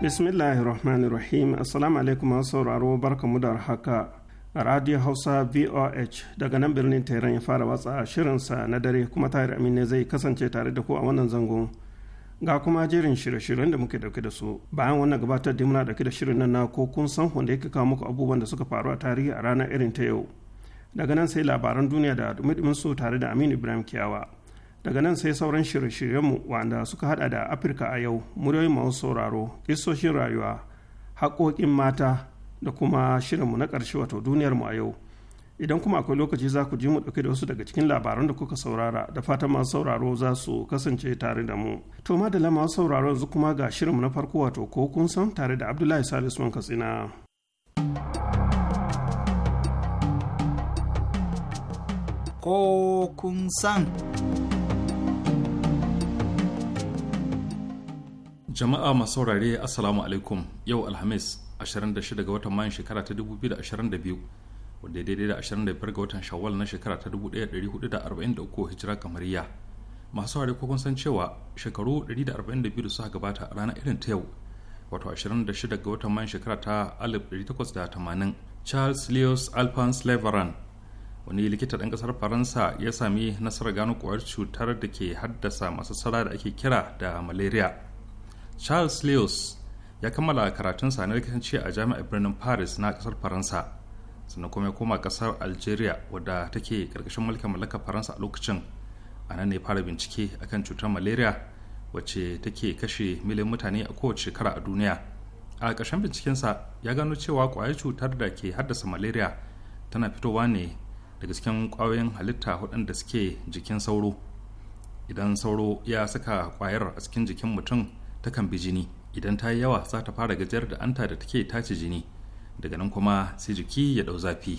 bismillahir rahmanir rahim assalamu alaikum masu sauraro mu da haka a radio hausa voh daga nan birnin tehran ya fara watsa shirinsa na dare kuma tahir amine zai kasance tare da ku a wannan zangon ga kuma jerin shirye-shiryen da muke dauke da su bayan wannan gabatar da muna dauke da shirin nan na ko kun san wanda yake kawo muku abubuwan da suka faru a tarihi a ranar irin ta yau daga nan sai labaran duniya da dumi su tare da aminu ibrahim kiyawa daga nan sai sauran shirye-shiryenmu wanda suka hada da afirka a yau muryoyin masu sauraro isoshin rayuwa haƙoƙin mata da kuma shirinmu na ƙarshe wato duniyarmu a yau idan kuma akwai lokaci za ku ji mu ɗauke da wasu daga cikin labaran da kuka saurara da fatan masu sauraro za su kasance tare da mu to madalla masu sauraro yanzu kuma ga shirinmu na farko wato ko kun san tare da abdullahi salisu man katsina ko kun san jama'a masu saurare assalamu alaikum yau alhamis 26 ga watan mayan shekara ta 2022 wanda daidai da 25 ga watan shawwal na shekara ta 1443 hijira kamariya masu saurare ko kun san cewa shekaru 142 da suka gabata a ranar irin ta yau wato 26 ga watan mayan shekara ta 1880 charles leos alphonse leveran wani likita ɗan ƙasar faransa ya sami nasarar gano ƙwayar cutar da ke haddasa masu sara da ake kira da malaria charles lewis ya kammala karatunsa na likitanci a jami'ar birnin paris na kasar faransa sannan kuma ya koma kasar algeria wadda take karkashin mulkin mallakar faransa a lokacin a nan ne fara bincike akan cutar malaria wacce take kashe miliyan mutane a kowace shekara a duniya a ƙarshen bincikensa ya gano cewa ƙwayar cutar da ke haddasa malaria tana fitowa ne daga cikin ƙwayoyin halitta waɗanda suke jikin sauro idan sauro ya saka ƙwayar a cikin jikin mutum takan bi jini idan ta yi yawa za ta fara gajiyar da anta da take tace jini daga nan kuma sai jiki ya dau zafi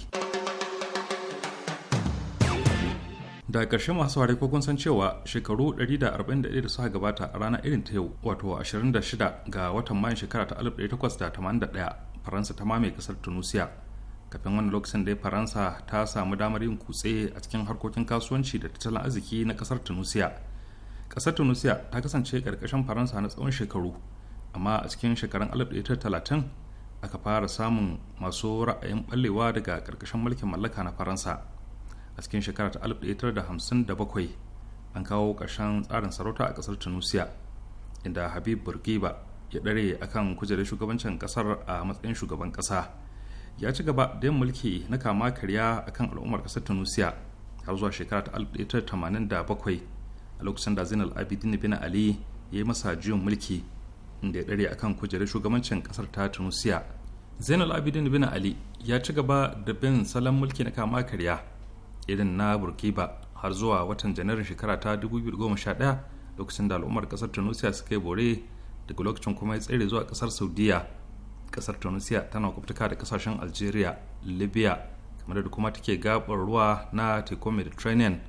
da ƙarshe masu ware ko kun san cewa shekaru 141 da suka gabata a ranar irin ta yau wato 26 ga watan mayan shekara ta 1881 faransa ta mamaye kasar tunisia kafin wani lokacin dai faransa ta samu damar yin kutse a cikin harkokin kasuwanci da tattalin arziki na kasar tunisia ƙasar tunisia ta kasance ƙarƙashin faransa na tsawon shekaru amma a cikin shekarun 1930 aka fara samun masu ra'ayin ɓallewa daga ƙarƙashin mulkin mallaka na faransa a cikin shekarar ta 1957 an kawo ƙarshen tsarin sarauta a ƙasar tunisia inda habib burgiba ya ɗare akan kujerar shugabancin ƙasar a matsayin shugaban ƙasa ya ci gaba da yin mulki na kama karya akan al'ummar ƙasar tunisia har zuwa shekara ta 1987 a lokacin da zainal abidin bin ali ya yi masa juyin mulki inda ya dare akan kujerar shugabancin kasar ta tunisia zainal abidin bin ali ya ci gaba da bin salon mulki na kama karya irin na burkiba har zuwa watan janairun shekara ta 2011 lokacin da al'ummar kasar tunisia suka yi bore daga lokacin kuma ya tsere zuwa kasar saudiya kasar tunisia tana kwaftuka da kasashen algeria libya kamar da kuma take gabar ruwa na teku mediterranean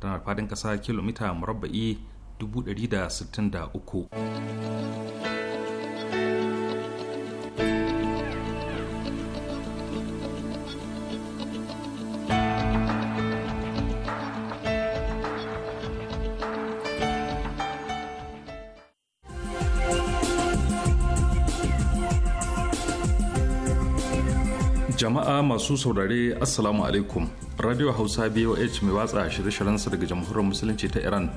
tana faɗin ƙasa kilomita murabba'i 163 masu saurare assalamu alaikum radio hausa boh mai watsa shirye shiryen sa daga jamhuriyar musulunci ta iran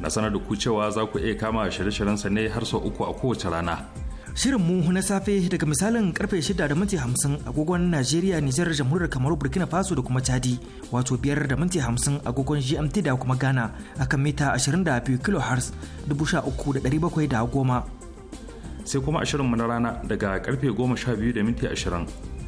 na sanar da ku cewa za ku iya kama shirye shiryen sa ne har sau uku a kowace rana shirin mu na safe daga misalin karfe shida da minti 50 agogon najeriya nijar jamhuriyar kamaru burkina faso da kuma chadi wato biyar da minti 50 agogon gmt da kuma ghana akan mita 22 kilohertz 13710 sai kuma a shirinmu na rana daga karfe goma sha biyu da minti ashirin.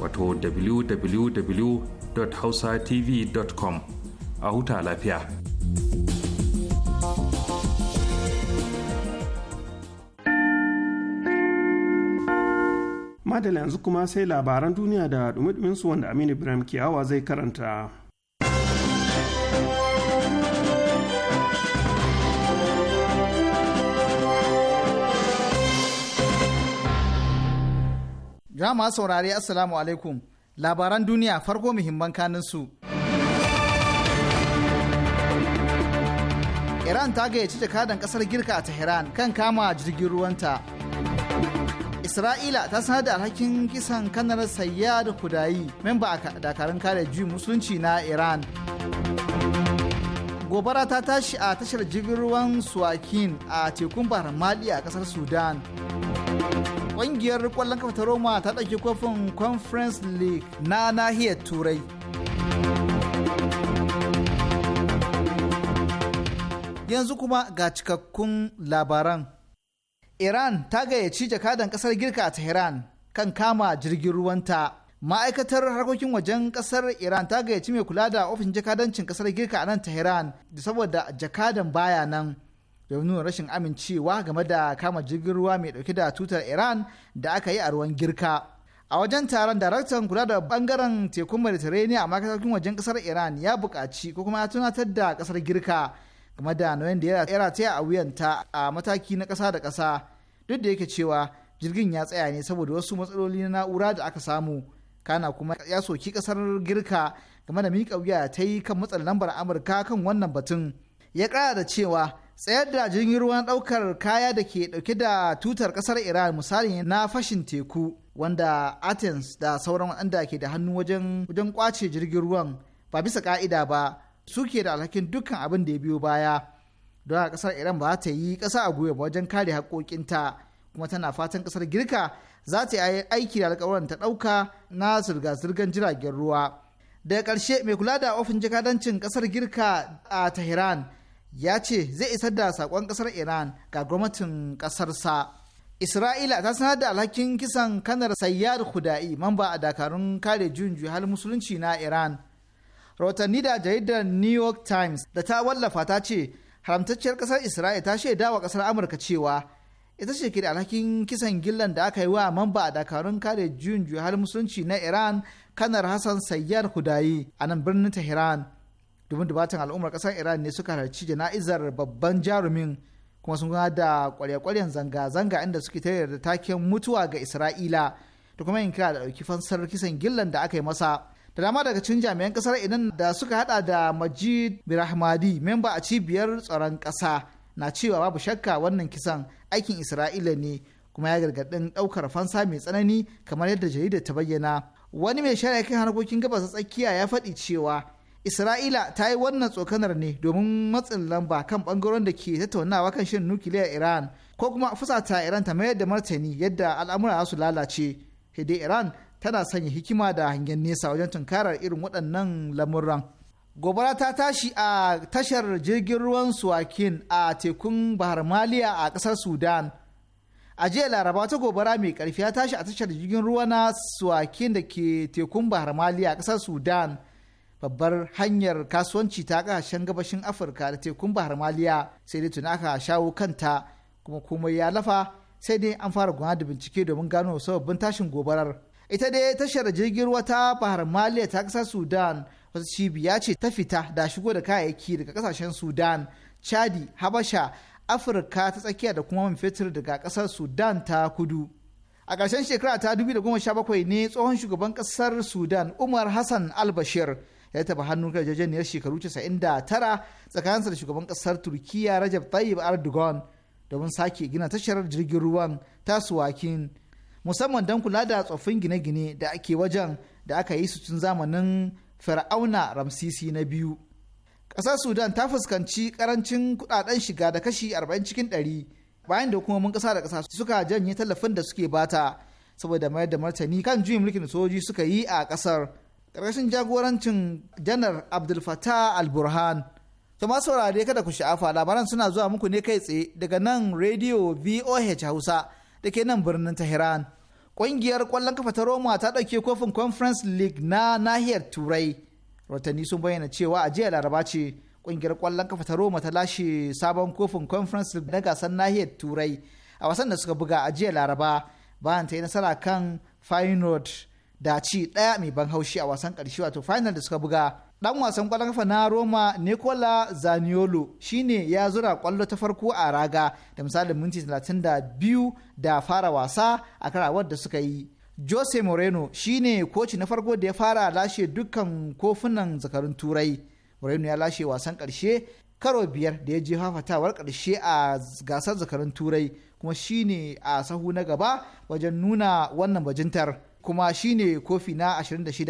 wato www.hausatv.com a huta lafiya. Madala yanzu kuma sai labaran duniya da dumi wanda Aminu Ibrahim Kiyawa zai karanta. Jama'a saurare Assalamu alaikum. Labaran duniya farko muhimman kanin su. Iran ta gayyaci jakadan kasar Girka a Tehran kan kama jirgin ruwanta. Isra'ila ta sanar da alhakin kisan kanar da Kudayi, memba a dakarun kare ji musulunci na Iran. Gobara ta tashi a tashar jirgin ruwan Suwakin a tekun Bahar Mali a kasar Sudan. Ƙungiyar ƙwallon kafa ta Roma ta ɗauki kofin Conference League na nahiyar Turai. Yanzu kuma ga cikakkun labaran. Iran ta gayyaci jakadan ƙasar Girka a Tehran kan kama jirgin ruwanta. ma'aikatar harkokin wajen ƙasar iran ta gayyaci mai kula da ofishin jakadancin ƙasar girka a nan tehran saboda jakadan baya nan domin nuna rashin amincewa game da kama jirgin ruwa mai dauke da tutar iran da aka yi a ruwan girka a wajen taron daraktan kula da bangaren tekun mediterranean a makasakin wajen kasar iran ya buƙaci ko kuma ya tunatar da kasar girka game da nauyin da ya ta a wuyanta a mataki na ƙasa da ƙasa duk da yake cewa jirgin ya tsaya ne saboda wasu matsaloli na na'ura da aka samu kana kuma ya soki ƙasar girka game da miƙa wuya ta yi kan matsalar lambar amurka kan wannan batun ya kara da cewa tsayar da jirgin ruwan daukar kaya da ke dauke da tutar kasar iran misali na fashin teku wanda athens da sauran wadanda ke da hannu wajen wajen kwace jirgin ruwan ba bisa ka'ida ba su ke da alhakin dukkan abin da ya biyo baya don a ƙasar iran ba ta yi kasa a ba wajen kare haƙoƙinta kuma tana fatan kasar girka za ta yi aiki da alƙawuran ta ɗauka na zirga-zirgar jiragen ruwa daga ƙarshe mai kula da ofin jakadancin kasar girka a tehran ya ce zai isar da sakon kasar iran ga gwamnatin kasarsa. isra'ila ta sanar da alhakin kisan kanar sayyar huda'i mamba a dakarun kare juyin juhal musulunci na iran rahotanni da jaridar new york times da ta wallafa ta ce haramtacciyar kasar isra'ila ta shaida wa kasar amurka cewa ita ce ke da alhakin kisan gillan da aka yi wa mamba a dakarun kare juyin juhal musulunci na iran kanar hassan sayyar huda'i a nan birnin tehran domin dubatan al'ummar kasar iran ne suka halarci jana'izar babban jarumin kuma sun gana da kwarya-kwaryan zanga-zanga inda suke ta da taken mutuwa ga isra'ila da kuma yin kira da dauki fansar kisan gillan da aka yi masa da dama daga cikin jami'an kasar idan da suka hada da majid birahmadi memba a cibiyar tsaron kasa na cewa babu shakka wannan kisan aikin isra'ila ne kuma ya gargaɗin ɗaukar fansa mai tsanani kamar yadda jaridar ta bayyana wani mai shari'a kan harkokin gabas tsakiya ya faɗi cewa isra'ila ta yi wannan tsokanar ne domin matsin lamba kan bangaren da ke tattaunawa kan shirin nukiliyar iran ko kuma fusata iran ta mayar da martani yadda al'amura su lalace hede iran tana sanya hikima da hangen nesa wajen tunkarar irin waɗannan lamuran gobara ta tashi a tashar jirgin ruwan suwakin a tekun bahar maliya a ƙasar sudan a jiya laraba ta gobara mai karfi ya tashi a tashar jirgin ruwa na suwakin da ke tekun bahar maliya a ƙasar sudan babbar hanyar kasuwanci ta kasashen gabashin afirka da tekun bahar maliya sai dai tuna aka shawo kanta kuma komai ya lafa sai dai an fara gwana da bincike domin gano sababbin tashin gobarar ita dai tashar jirgin ruwa ta bahar maliya ta kasar sudan wata cibiya ce ta fita da shigo da kayayyaki daga kasashen sudan chadi habasha afirka ta tsakiya da kuma man fetur daga kasar sudan ta kudu a ƙarshen shekara ta 2017 ne tsohon shugaban ƙasar sudan umar hassan al ya taba hannun kan yarjejeniyar shekaru 99 tsakaninsa da shugaban kasar turkiya rajab tayyib erdogan domin sake gina tashar jirgin ruwan tasuwakin musamman don kula da tsoffin gine-gine da ake wajen da aka yi su tun zamanin fir'auna ramsisi na biyu ƙasar sudan ta fuskanci karancin kudaden shiga da kashi 40 cikin 100 bayan da hukumomin ƙasa da ƙasa suka janye tallafin da suke bata saboda mayar da martani kan juyin mulkin sojoji suka yi a ƙasar ƙarƙashin jagorancin janar abdul fatah al-burhan to ma saurare kada ku sha'afa labaran suna zuwa muku ne kai tsaye daga nan rediyo voh hausa da ke nan birnin tehran ƙungiyar ƙwallon kafa ta roma ta ɗauke kofin conference league na nahiyar turai rotani sun bayyana cewa a jiya laraba ce ƙungiyar ƙwallon kafa ta roma ta lashe sabon kofin conference league na gasar nahiyar turai a wasan da suka buga a jiya laraba bayan ta yi nasara kan feyenoord da ci ɗaya mai ban haushi a wasan ƙarshe wato final da suka buga dan wasan kwallon kafa na Roma Nicola Zaniolo shine ya zura kwallo ta farko a raga da misalin minti 32 da fara wasa a karawar da suka yi. Jose Moreno shine koci na farko da ya fara lashe dukkan kofunan zakarun turai. Moreno ya lashe wasan ƙarshe karo biyar da ya je hafatawar ƙarshe a gasar zakarun turai kuma shine a sahu na gaba wajen nuna wannan bajintar. kuma shine kofi na 26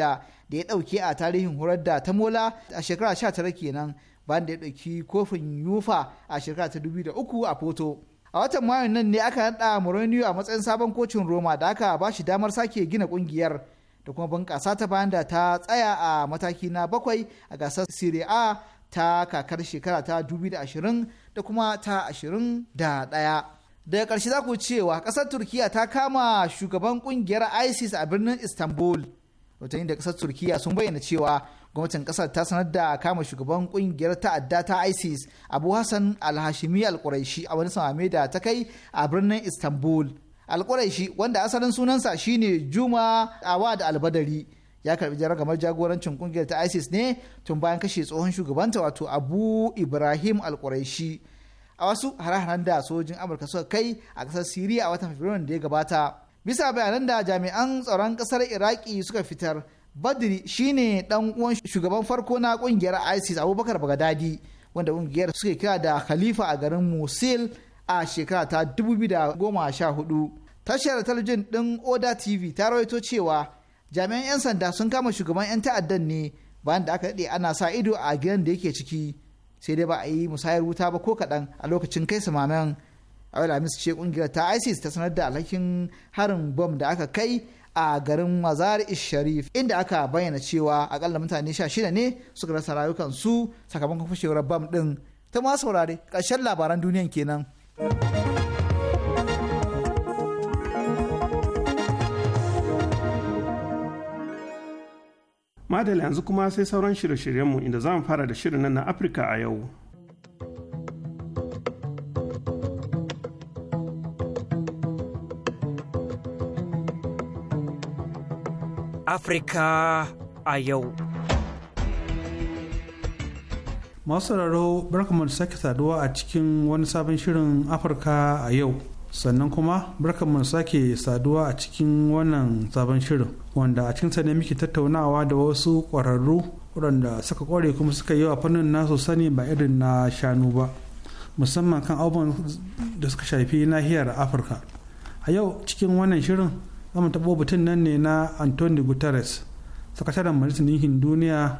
da ya ɗauki a tarihin horar da ta mola a shekara 19 kenan bayan da ya ɗauki kofin yufa a shekara ta 2003 a foto. a watan mayun nan ne aka naɗa Mourinho a matsayin sabon kocin Roma da aka ba shi damar sake gina kungiyar da kuma bunƙasa ta bayan da ta tsaya a mataki na bakwai a gasar Serie A ta kakar shekara ta 2020 da kuma ta 21. daga ƙarshe za ku cewa ƙasar turkiyya ta kama shugaban ƙungiyar isis a birnin istanbul rotanni da ƙasar turkiyya sun bayyana cewa gwamnatin ƙasar ta sanar da kama shugaban ƙungiyar ta'adda ta isis abu hassan alhashimi alƙuraishi a wani samame da ta kai a birnin istanbul alƙuraishi wanda asalin sunansa shine juma awad albadari ya karbi jaragamar jagorancin ƙungiyar ta isis ne tun bayan kashe tsohon shugabanta wato abu ibrahim alƙuraishi a wasu hare-haren da sojin amurka suka kai a ƙasar siriya a watan fabrairu da ya gabata bisa bayanan da jami'an tsaron kasar iraki suka fitar badri shine dan uwan shugaban farko na kungiyar isis abubakar bagadadi wanda kungiyar suka kira da khalifa a garin musil a shekara ta 2014 tashar talabijin din oda tv ta rawaito cewa jami'an 'yan sanda sun kama shugaban 'yan ta'addan ne bayan da aka daɗe ana sa ido a gidan da yake ciki sai dai ba a yi musayar wuta ba ko kaɗan a lokacin kai samamen alhamis ce kungiyar ta isis ta sanar da alhakin harin bom da aka kai a garin mazar sharif inda aka bayyana cewa akalla mutane sha shida ne suka rasa su sakamakon fashewar bom din ta ma saurare ƙarshen labaran duniyan kenan. madala yanzu kuma sai sauran shirye-shiryenmu inda za mu fara da shirin nan na afirka a yau afirka a yau masu sauraro barkamu da sake saduwa a cikin wani sabon shirin afirka a yau sannan kuma barkanmu sake saduwa a cikin wannan sabon shirin wanda a cikin ne muke tattaunawa da wasu ƙwararru waɗanda suka ƙware kuma suka yi wa fannin nasu sani ba irin na shanu ba musamman kan abubuwan da suka shafi nahiyar afirka a yau cikin wannan shirin za mu taɓo batun nan ne na antoni guterres sakataren majalisar ɗinkin duniya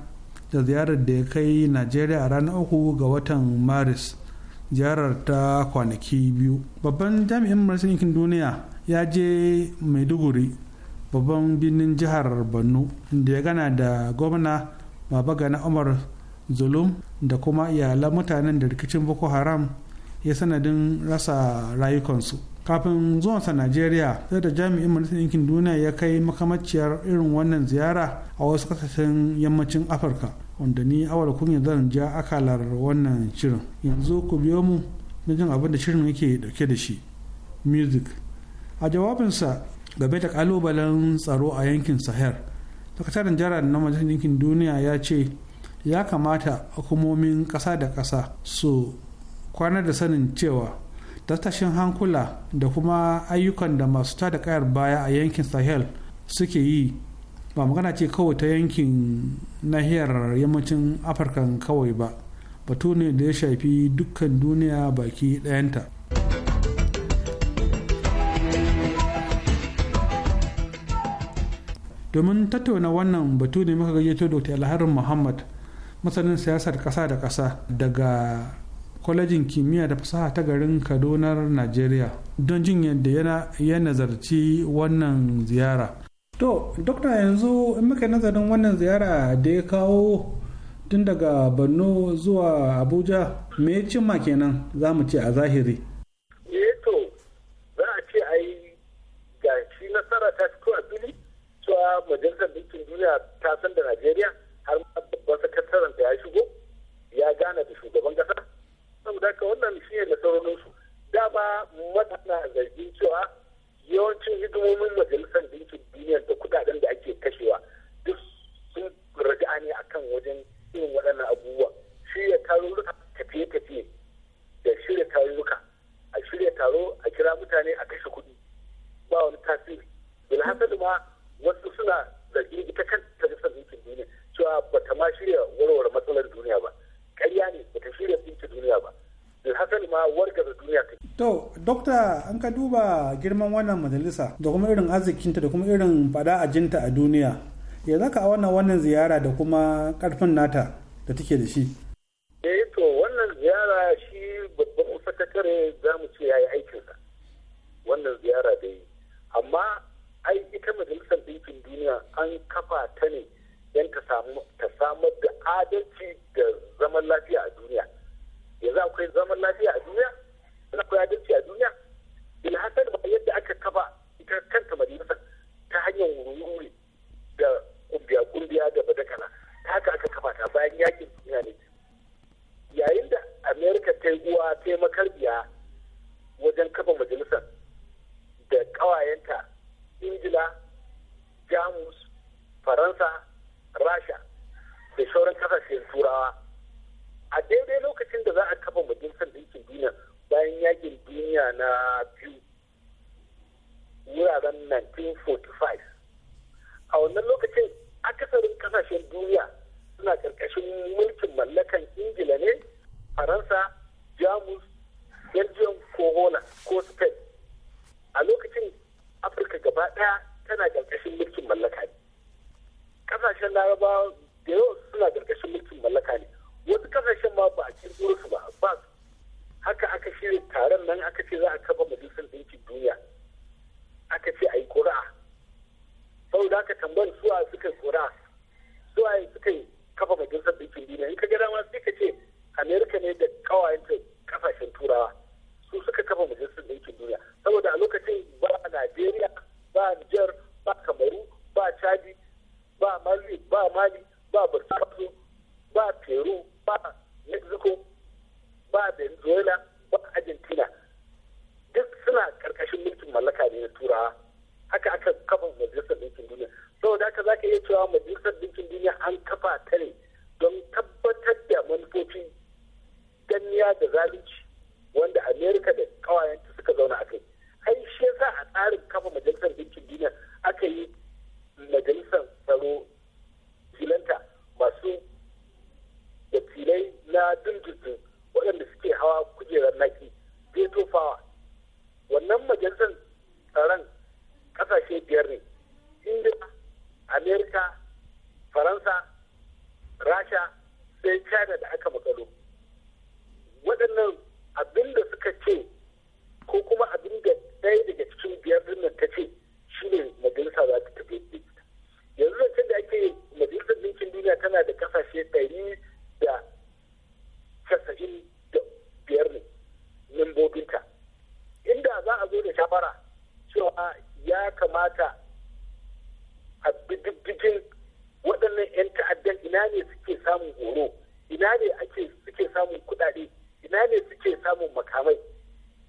da ziyarar da ya kai najeriya a ranar uku ga watan maris ziyarar ta kwanaki biyu babban jami'in majalisar yankin duniya ya je maiduguri babban birnin jihar borno da ya gana da gwamna babagana umar zulum da kuma iyalan mutanen da rikicin boko haram ya sanadin rasa rayukansu kafin zuwansa najeriya sai da jami'in majalisar yankin duniya ya kai makamaciyar irin wannan ziyara a wasu kasashen yammacin afirka wanda ni awal kunya zan ja akalar wannan shirin yanzu ku biyo mu na jin abin da shirin yake dauke da shi music a jawabinsa game da kalubalen tsaro a yankin sahel sakataren jihar na majalisar yankin duniya ya ce ya kamata hukumomin ƙasa da ƙasa su kwanar da sanin cewa tattashin hankula da kuma ayyukan da masu tada kayar baya a yankin sahel suke yi ba magana ce kawai ta yankin nahiyar yammacin afirka kawai ba batu ne da ya shafi dukkan duniya baki dayanta. domin tattauna wannan batu ne muka gayyato dr alharin muhammad masanin siyasar kasa da kasa daga kwalejin kimiyya da fasaha ta garin kaduna nigeria don jin yadda yana ya nazarci wannan ziyara to dokta yanzu in muka nazarin wannan ziyara da ya kawo tun daga borno zuwa abuja me cimma kenan za mu ce a zahiri eh to za a ce a yi gashi nasara ta fito a fili cewa majalisar dukkan duniya ta san da najeriya har ma babban sakataren da ya shigo ya gana da shugaban kasa saboda haka wannan shi ne su dama matana zargin cewa yawancin hidimomin majalisar dinkin duniya da kudaden da ake kashewa duk sun raja ne akan wajen irin waɗannan abubuwa shirya tarurruka tafiye-tafiye da shirya tarurruka a shirya taro a kira mutane a kashe kuɗi ba wani tasiri da ma wasu suna zargi ita kan majalisar dinkin duniya cewa bata ma shirya warware matsalar duniya ba karya ne bata shirya dinkin duniya ba alhassan eh, ma wargaza duniya ta to dokta an ka duba girman wannan majalisa da kuma irin arzikinta da kuma irin fada jinta a duniya ya zaka a wannan wannan ziyara da kuma karfin nata da take da shi eh to wannan ziyara shi babban sakatare za mu ce yayi aikinsa wannan ziyara da yi amma ai ita majalisar ɗinkin duniya an kafa ta ne don ta samar da adalci da zaman lafiya a duniya yanzu akwai zaman lafiya a duniya yanzu akwai adalci a duniya ilhassan ba yadda aka kaba ita kanta majalisar ta hanyar wuri da kumbiya kumbiya da badakala ta haka aka kaba ta bayan yakin duniya ne yayin da amerika ta yi uwa ta yi makarbiya wajen kafa majalisar da ƙawayenta ingila jamus faransa rasha da sauran kasashen turawa a daidai lokacin da za a kafa majalisar ɗinkin duniya bayan yakin duniya na biyu wuraren 1945 a wannan lokacin akasarin kasashen duniya suna karkashin mulkin mallakan ingila ne faransa jamus belgium ko hola ko spain a lokacin afirka gaba daya tana karkashin mulkin mallaka ne kasashen larabawa da yawa suna karkashin mulkin mallaka ne wasu kasashen ma ba a kirkiro su ba ba haka aka shirya taron nan aka ce za a kafa majalisar ɗinkin duniya aka ce a yi ƙura'a da aka su suwa suka yi ƙura'a suwa suka yi kafa majalisar ɗinkin duniya in ka gada ma sai ka ce amerika ne da ta kasashen turawa su suka kafa majalisar ɗinkin duniya saboda a lokacin ba najeriya ba niger ba kamaru ba chadi ba mali ba mali ba burkina ba peru ba mexico ba venezuela ba argentina duk suna karkashin mulkin mallaka ne na turawa haka aka kafa majalisar ɗinkin duniya saboda haka za ka iya cewa majalisar ɗinkin duniya an kafa ta ne don tabbatar da manufofin danniya da zalunci wanda amerika da kawayenta suka zauna a kai ai shi yasa a tsarin kafa majalisar ɗinkin duniya aka yi majalisar tsaro filanta masu wakilai na dindindin waɗanda suke hawa kujerar naki veto power wannan majalisar tsaron ƙasashe biyar ne inda amerika faransa rasha sai china da aka makalo waɗannan abin suka ce ko kuma abin da ɗaya daga cikin biyar dinnan ta ce shine majalisa za ta tafi yanzu da ake majalisar ɗinkin duniya tana da kasashe ɗari da casa'in da biyar ne membobinta inda za a zo da shafara cewa ya kamata a diddigin waɗannan 'yan ta'addan ina ne suke samun horo ina ne suke samun kuɗaɗe ina ne suke samun makamai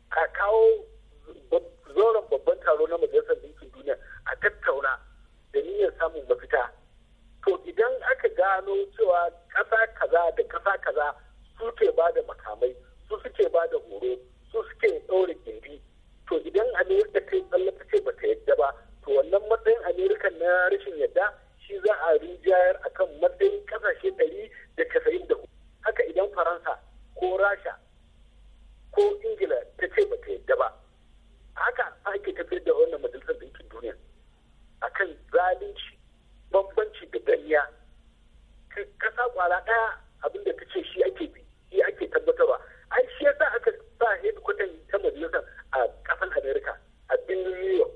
a kawo zoron babban taro na majalisar ɗinkin duniya a tattauna da niyyar samun mafita to idan aka gano cewa ƙasa kaza da kasa kaza su ke ba da makamai su suke ba da horo su suke ɗaure gindi to idan amerika ta yi tsallaka ce ba ta yadda ba to wannan matsayin amerika na rashin yadda shi za a a akan matsayin kasashe ɗari da kasayin da haka idan faransa ko rasha ko ingila ta ce ba ta yadda ba haka ake tafiyar da wannan majalisar ɗinkin duniya akan zalunci bambanci da ganiya kasa kwara ɗaya abin da ta ce shi ake bi shi ake tabbatarwa ai shi yasa aka sa headquarter ta majalisar a kasar america a birnin new york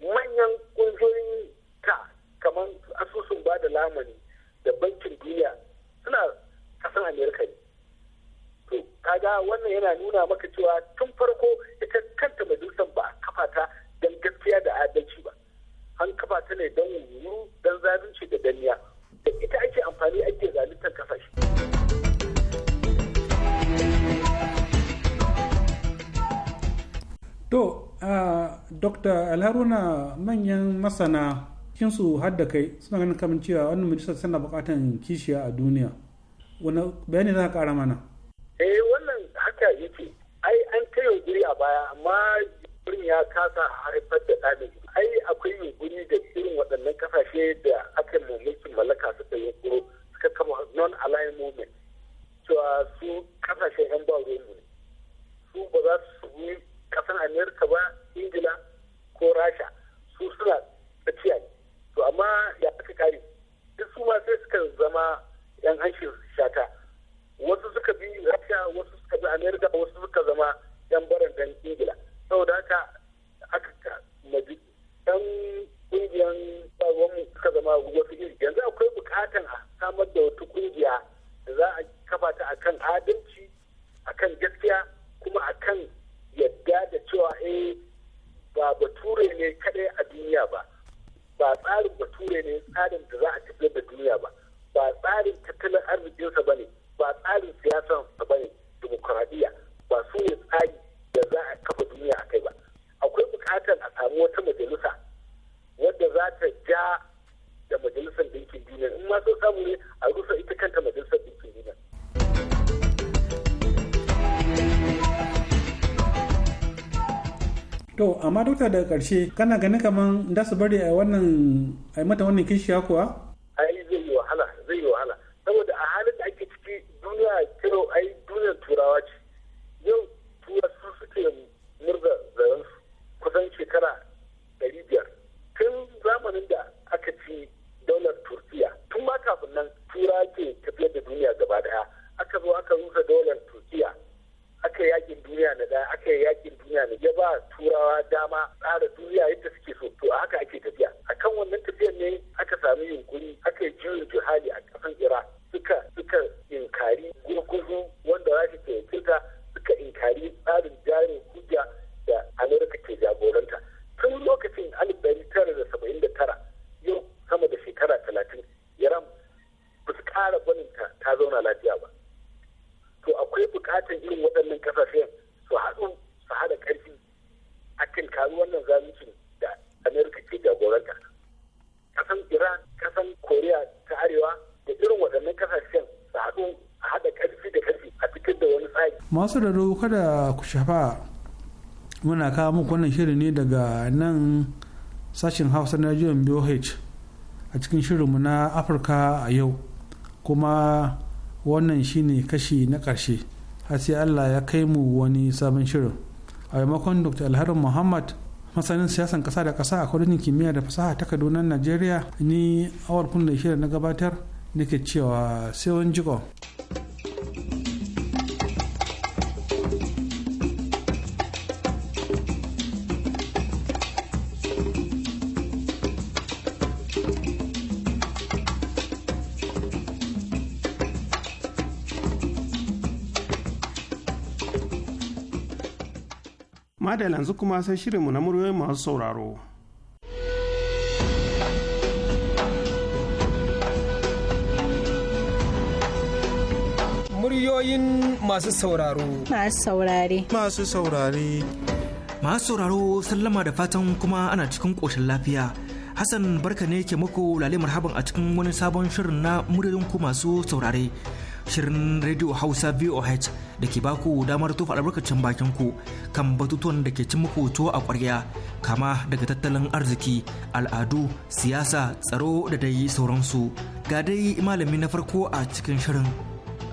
manyan ƙungiyoyin ta kamar asusun bada da lamani da bankin duniya suna kasar america ne to kaga wannan yana nuna maka cewa tun farko ita kanta majalisar ba a kafa ta don gaskiya da adalci ba an kafa ta ne don wuru don zalunci da danniya da ita ake amfani ake zaluntar kasashe. To, Dr. Alharuna manyan masana cikinsu har da kai suna ganin kamar cewa wannan majalisar tana bukatan kishiya a duniya. Wani bayani za ka kara mana? Eh wannan haka yake, ai an kai yau a baya amma ya kasa haifar da ɗalibi. ai akwai yunguri da irin waɗannan kasashe da aka yi mulkin mallaka suka yi kuro suka kama non-aligned movement cewa su kasashen yan ba ruwan ne su ba za su yi kasan amerika ba ingila ko rasha su suna tsakiya ne to amma ya aka kare duk su ma sai suka zama yan hanshin shata wasu suka bi rasha wasu suka bi amerika wasu suka zama yan dan ingila saboda haka aka yan kungiyar tsawon suka zama wasu iri yanzu akwai bukatan a samar da wata kungiya da za a kafa ta kan adalci a kan gaskiya kuma a kan yadda da cewa eh ba bature ne kadai a duniya ba ba tsarin bature ne tsarin da za a tafiyar da duniya ba ba tsarin tattalin arzikinsa ba ne ba tsarin siyasansa ba ne demokuraɗiyya ba su ne tsari da za a kafa duniya a kai ba akwai bukatar a samu wata majalisa wadda za ta ja da majalisar dinkin duniya in ma so samu ne a rusa ita kanta majalisar ɗinkin duniya. to amma dokta daga ƙarshe kana gani kaman da su bari a wannan a mata wannan kishiya kuwa ai zai zai yi wahala saboda a halin da ake ciki duniya kiro ai duniyar turawa ce yau tura su suke murza zaren kusan shekara ɗari biyar tun zamanin da aka ci daular turkiya tun ma kafin nan tura ke tafiyar da duniya gaba daya aka zo aka rusa daular turkiya aka yakin duniya na daya aka yakin duniya na ya ba turawa dama tsara duniya yadda suke so to haka ake tafiya a kan wannan tafiyar ne aka sami yunkuri aka yi juyin juhali a kasan iraq suka suka inkari gurguzu wanda za ke suka inkari tsarin jarin hujja da amurka ke jagoranta tun lokacin tara yau sama da shekara talatin yaram ba su kara gwaninta ta zauna lafiya ba to akwai bukatar irin waɗannan kasashen su haɗu su haɗa ƙarfi a kan karu wannan zaluncin da amurka ke jagoranta kasan iran kasan koriya ta arewa da irin waɗannan kasashen su haɗu a haɗa ƙarfi da ƙarfi a fitar da wani tsari masu da kada ku shafa muna kawo muku wannan shirin ne daga nan sashen hausa na rajiyon boh a cikin shirinmu na afirka a yau kuma wannan shine kashi na ƙarshe har sai allah ya kai mu wani sabon shirin a maimakon dr alharin muhammad masanin siyasan ƙasa da kasa a kwadonin kimiyya da fasaha ta kaduna najeriya ni awar kundin shirin na gabatar nake cewa sai wani jikon. da yanzu kuma sai shirinmu na muryoyin masu sauraro. Muryoyin masu sauraro. Masu saurare. Masu saurare. Masu sauraro sallama da fatan kuma ana cikin ƙoshin lafiya. Hassan barka ne ke muku lale marhaban a cikin wani sabon shirin na muryoyin ku masu saurare. shirin Radio Hausa VOH da ke baku damar tufa albarkacin bakin ku kan batutuwan da ke cin muku tuwo a kwarya kama daga tattalin arziki, al'adu, siyasa, tsaro da dai sauransu. Ga dai malami na farko a cikin shirin.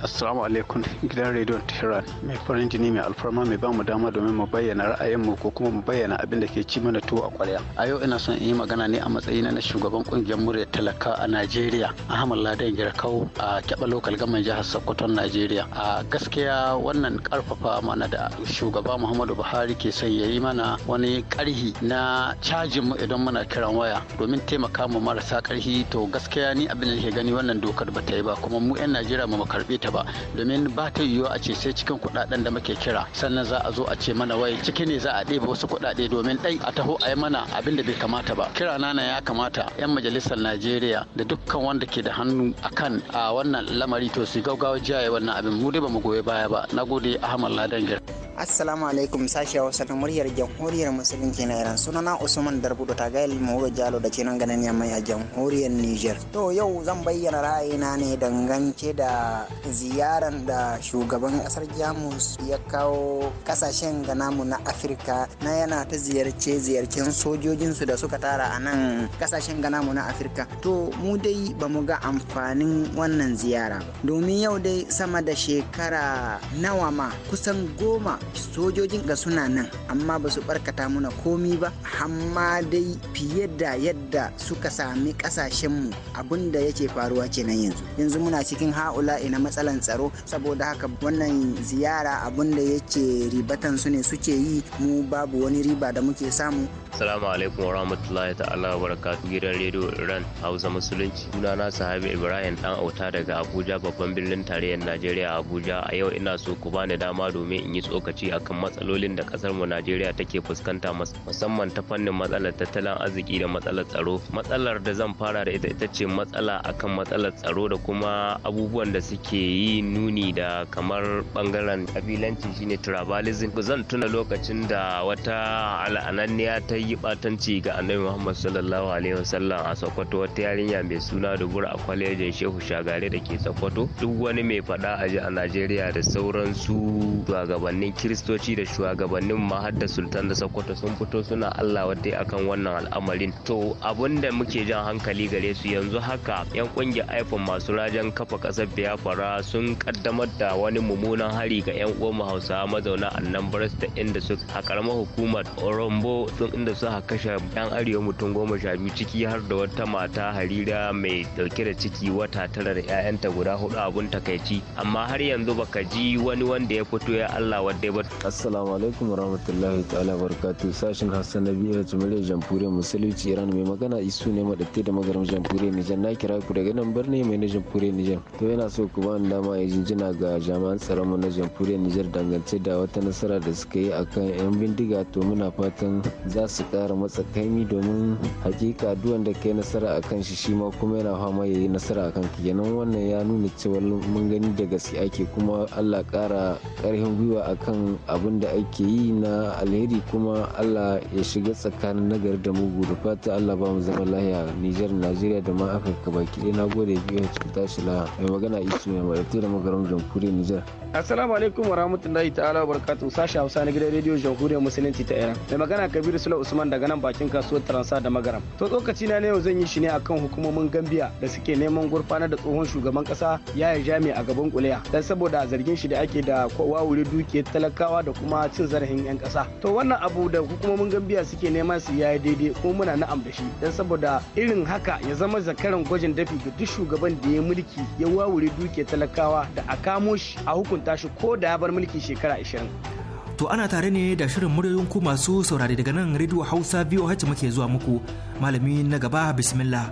Assalamu alaikum gidan rediyon Tehran mai farin jini mai alfarma mai bamu dama domin mu bayyana ra'ayinmu ko kuma mu bayyana abin da ke ci mana tuwo a kwarya. A yau ina son in yi magana ne a matsayina na shugaban kungiyar murya talaka a Najeriya Ahmad Ladan Girkau a Kyaba Lokal Gaman Jihar Sokoto Najeriya. A gaskiya wannan karfafa mana da shugaba Muhammadu Buhari ke son ya yi mana wani karhi na cajin mu idan muna kiran waya domin taimaka mu marasa karhi to gaskiya ni abin da ke gani wannan dokar ba ta yi ba kuma mu 'yan Najeriya mu karbe ta ita ba domin ba ta yiwuwa a ce sai cikin kuɗaɗen da muke kira sannan za a zo a ce mana wai ciki ne za a ɗebe wasu kuɗaɗe domin ɗai a taho a yi mana abin da bai kamata ba kira nana ya kamata 'yan majalisar najeriya da dukkan wanda ke da hannu a kan a wannan lamari to su gaggawa jiya wannan abin mu dai ba mu goyi baya ba na gode ahmad ladan assalamu alaikum sashi hausa na muryar jamhuriyar musulunci na iran sunana usman darbudu tagayil mawuga jalo da cinan ganin yamai a jamhuriyar niger to yau zan bayyana ra'ayina ne dangance da ziyarar da shugaban kasar jamus ya kawo kasashen ga namu na afirka na yana ta ziyarce ziyarcen sojojinsu da suka tara a nan kasashen ga namu na afirka to mu dai ba mu ga amfanin wannan ziyara domin yau dai sama da shekara nawa ma kusan goma sojojin ga suna nan amma ba su barkata muna komi ba amma dai fiye da yadda suka sami kasashenmu mu da yake faruwa kenan yanzu yanzu muna cikin ha'ula ina matsalan tsaro saboda haka wannan ziyara abinda yake ribatan su ne suke yi mu babu wani riba da muke samu Assalamu alaikum wa rahmatullahi ta'ala wa barakatuh gidan rediyo Iran Hausa Musulunci suna na Sahabi Ibrahim dan auta daga Abuja babban birnin tarayyar Najeriya Abuja a yau ina so ku bani dama domin in yi tsokaci a akan matsalolin da kasar mu Najeriya take fuskanta musamman ta fannin matsalar tattalin arziki da matsalar tsaro. Matsalar da zan fara da ita ita ce matsala akan matsalar tsaro da kuma abubuwan da suke yi nuni da kamar bangaren kabilanci shine tribalism. Zan tuna lokacin da wata al'ananniya ta yi batanci ga Annabi Muhammad sallallahu alaihi wasallam a Sokoto wata yarinya mai suna Dubura a kwalejin Shehu Shagare da ke Sokoto. Duk wani mai faɗa a ji a Najeriya da sauransu shugabannin kiristoci da shugabannin ma har da sultan da sokoto sun fito suna allah wadai akan wannan al'amarin to abun da muke jan hankali gare su yanzu haka yan kungiyar iphone masu rajan kafa kasar biafra sun kaddamar da wani mummunan hari ga yan uwan hausawa mazauna anambra da inda su a karamar hukumar orombo sun inda su kashe yan arewa mutum goma sha biyu ciki har da wata mata harira mai dauke da ciki wata tara da 'ya'yanta guda hudu abun takaici amma har yanzu baka ji wani wanda ya fito ya allah wadda assalamu alaikum warahmatullahi ta'ala barakatuh sashen hassan na biyar jamhuriyar jamhuriyar musulunci iran mai magana isu ne madatte da magaram jamhuriyar nijar na kira ku daga nan birni mai na jamhuriyar nijar to yana so ku ba ni dama ya jinjina ga jami'an tsaronmu na jamhuriyar nijar dangance da wata nasara da suka yi akan yan bindiga to muna fatan za su kara matsa kaimi domin hakika duwan da kai nasara akan shi shi ma kuma yana fama ya yi nasara akan kan kenan wannan ya nuna cewa mun gani da gaske ake kuma allah kara karfin gwiwa akan akan abin da ake yi na alheri kuma allah ya shiga tsakanin nagari da mugu da fata allah ba mu zama lahiya nijar najeriya da ma afirka baki ɗaya na gode biyu ta tashi lahiya mai magana isu mai maɗaito da magaran jamhuriyar nijar Assalamu alaikum wa rahmatullahi ta'ala wa barakatuhu sashi Hausa na gidan rediyo Jamhuriyar Musulunci ta Iran. Mai magana Kabiru Sula Usman daga nan bakin kasuwar Taransa da Magaram. To tsokaci na yau zan yi shi ne akan hukumomin Gambia da suke neman gurfanar da tsohon shugaban kasa Yaya jami'a a gaban kuliya dan saboda zargin shi da ake da wuri dukiyar talakawa da kuma cin zarafin yan kasa. To wannan abu da hukumomin Gambia suke nema su yayi daidai ko muna na da dan saboda irin haka ya zama zakaran gwajin dafi ga duk shugaban da ya mulki ya wawure dukiyar talakawa da a kamo shi a hukunta ta shi ko da ya bar mulki shekara 20 to ana tare ne da shirin muryoyin ku masu saurari daga nan rediyo hausa voh muke zuwa muku malami na gaba bismillah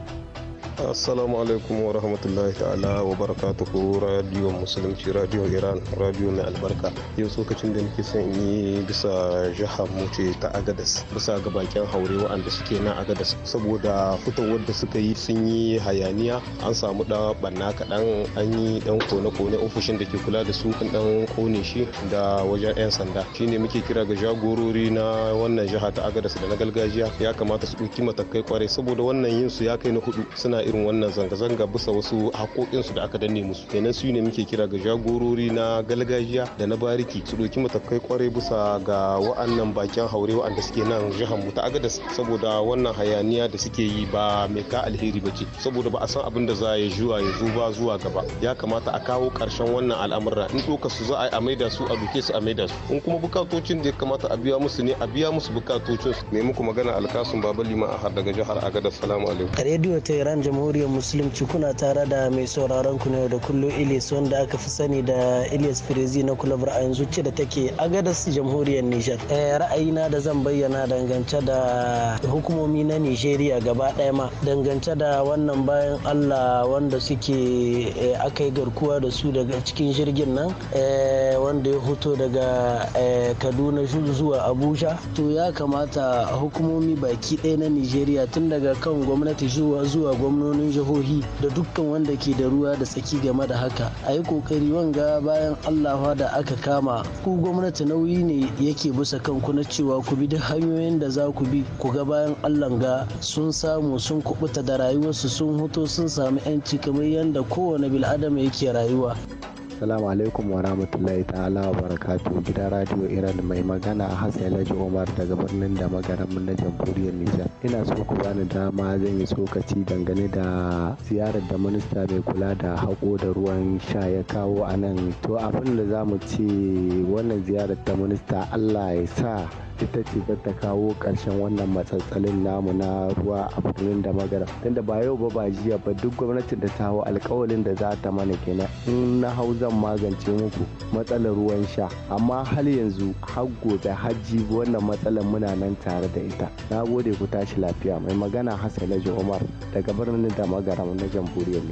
assalamu alaikum wa rahmatullahi ta'ala wa ta ku radio musulunci radio iran radiyo mai albarka yau tsokacin da nake son yi bisa jihar muce ta agadas bisa ga bakin haure wa'anda suke na agadas saboda fitowar da suka yi sun yi hayaniya an samu da banna kaɗan an yi dan kone-kone ofishin da ke kula da su kan dan kone shi da wajen 'yan sanda shine muke kira ga jagorori na wannan jiha ta agadas da na gargajiya ya kamata su ɗauki matakai kwarai saboda wannan yin su ya kai na hudu suna irin wannan zanga-zanga bisa wasu haƙoƙinsu da aka danne musu kenan su ne muke kira ga jagorori na galgajiya da na bariki su ɗauki matakai kwarai bisa ga wa'annan bakin haure wa'anda suke nan jihar mu ta agadas saboda wannan hayaniya da suke yi ba mai ka alheri ba ce saboda ba a san abin da za ya zuwa ya zo ba zuwa gaba ya kamata a kawo ƙarshen wannan al'amura in ɗauka su za a yi a maida su a duke su a maida su in kuma bukatocin da ya kamata a biya musu ne a biya musu bukatocin su ne muku magana alkasun baba liman a har daga jihar agadas salamu alaikum rediyo tehran jamhuriyar musulunci kuna tare da mai sauraron ku ne da kullum ilis wanda aka fi sani da ilis firizi na kulabar a yanzu ce da take agadas jamhuriyar nijar eh, ra'ayina da zan bayyana dangance da hukumomi na nigeria gaba ɗaya ma dangance da wannan bayan allah wanda suke eh, aka yi garkuwa da su daga cikin jirgin nan eh, wanda ya hoto daga kaduna zuwa abuja to ya kamata hukumomi baki ɗaya na nigeria tun daga kan gwamnati zuwa gwamnati gwamnonin jihohi da dukkan wanda ke da ruwa da tsaki game da haka a yi kokari wanga bayan allah da aka kama ku gwamnati nauyi ne yake bisa kanku na cewa ku bi duk hanyoyin da za ku bi ku ga bayan allah ga sun samu sun kubuta da rayuwarsu sun huto sun sami yanci kamar yadda kowane bil'adama yake rayuwa Assalamu alaikum wa rahmatullahi ta'ala wa barakatu gida radio Iran mai magana a Hassan Laji Umar daga birnin da magaramin na jamhuriyar Nijar. Ina so ku bani dama zan yi tsokaci dangane da ziyarar da minista mai kula da hako da ruwan sha ya kawo a nan. To abin da za mu ce wannan ziyarar ta minista Allah ya sa ita ce za ta kawo ƙarshen wannan matsatsalin namu na ruwa a birnin da magara tunda ba yau ba ba jiya ba duk gwamnatin da ta hau alkawalin da za ta mana kenan in na hau zan magance muku matsalar ruwan sha amma hal yanzu har gobe har jibi wannan matsalar muna nan tare da ita na gode ku tashi lafiya mai magana hassan laji umar daga birnin da magara na jamhuriyar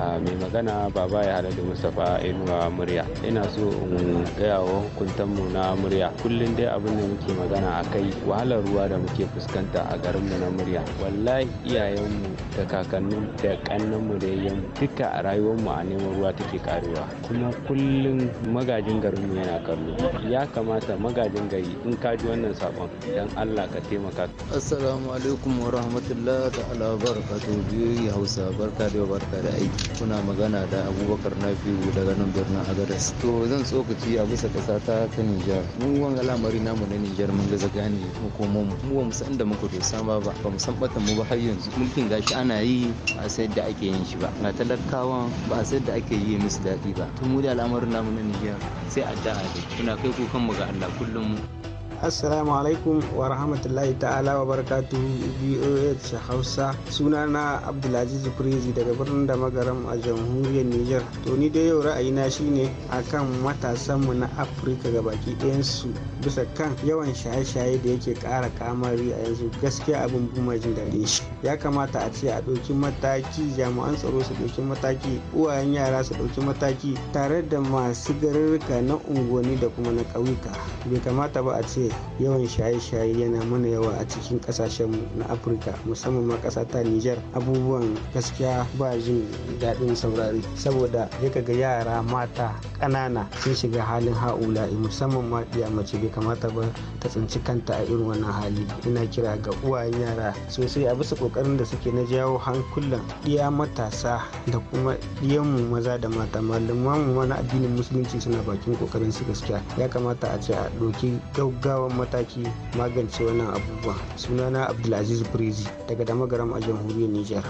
a mai magana baba ya haladu mustapha inuwa murya ina so in gaya wa hukuntanmu na murya kullum dai abin da muke magana a kai wahalar ruwa da muke fuskanta a garinmu na murya wallahi iyayenmu da kakannin da kannanmu da yayyenmu duka a rayuwarmu a neman ruwa take karewa kuma kullum magajin garinmu yana kallo ya kamata magajin gari in ka ji wannan sabon dan Allah ka taimaka assalamu alaikum wa rahmatullahi da ala barakatu ya hausa barka da barka da aiki kuna magana da abubakar nafiu daga nan birnin agadas to zan tsokaci a bisa kasa ta ta nijar mun wanga lamari namu na nijar mun gaza gane hukumomin mu ba mu san da muka dosa ba ba mu san bata mu ba har yanzu mulkin gashi ana yi ba sai da ake yin shi ba na talakawa ba sai da ake yi musu daɗi ba tun mu da al'amarin namu na Nijar sai addu'a dai muna kai kukan mu ga Allah kullum mu assalamu alaikum wa rahmatullahi ta'ala wa barakatuhu voh hausa sunana abdulaziz prezi daga birnin da magaram a jamhuriyar niger to ni dai yau ra'ayina shine akan matasanmu na afirka ga baki su bisa kan yawan shaye-shaye da yake ƙara kamari a yanzu gaskiya abin buma jin daɗin shi ya kamata a ce a ɗauki mataki jami'an tsaro su ɗauki mataki uwayen yara su ɗauki mataki tare da masu garurruka na unguwanni da kuma na ƙauyuka bai kamata ba a ce yawan shaye-shaye yana mana yawa a cikin kasashen na afirka musamman ma kasa ta nijar abubuwan gaskiya ba jin daɗin saurari saboda ya ga yara mata ƙanana sun shiga halin ha'ula'i musamman ma ɗiya mace bai kamata ba ta tsinci kanta a irin wannan hali ina kira ga uwayen yara sosai a bisa ƙoƙarin da suke na jawo hankulan ɗiya matasa da kuma ɗiyanmu maza da mata malamanmu ma na addinin musulunci suna bakin ƙoƙarin su gaskiya ya kamata a ce a ɗauki gaggawa gaggawan mataki magance wannan abubuwa sunana abdulaziz prezi daga damagaram a jamhuriyar nijar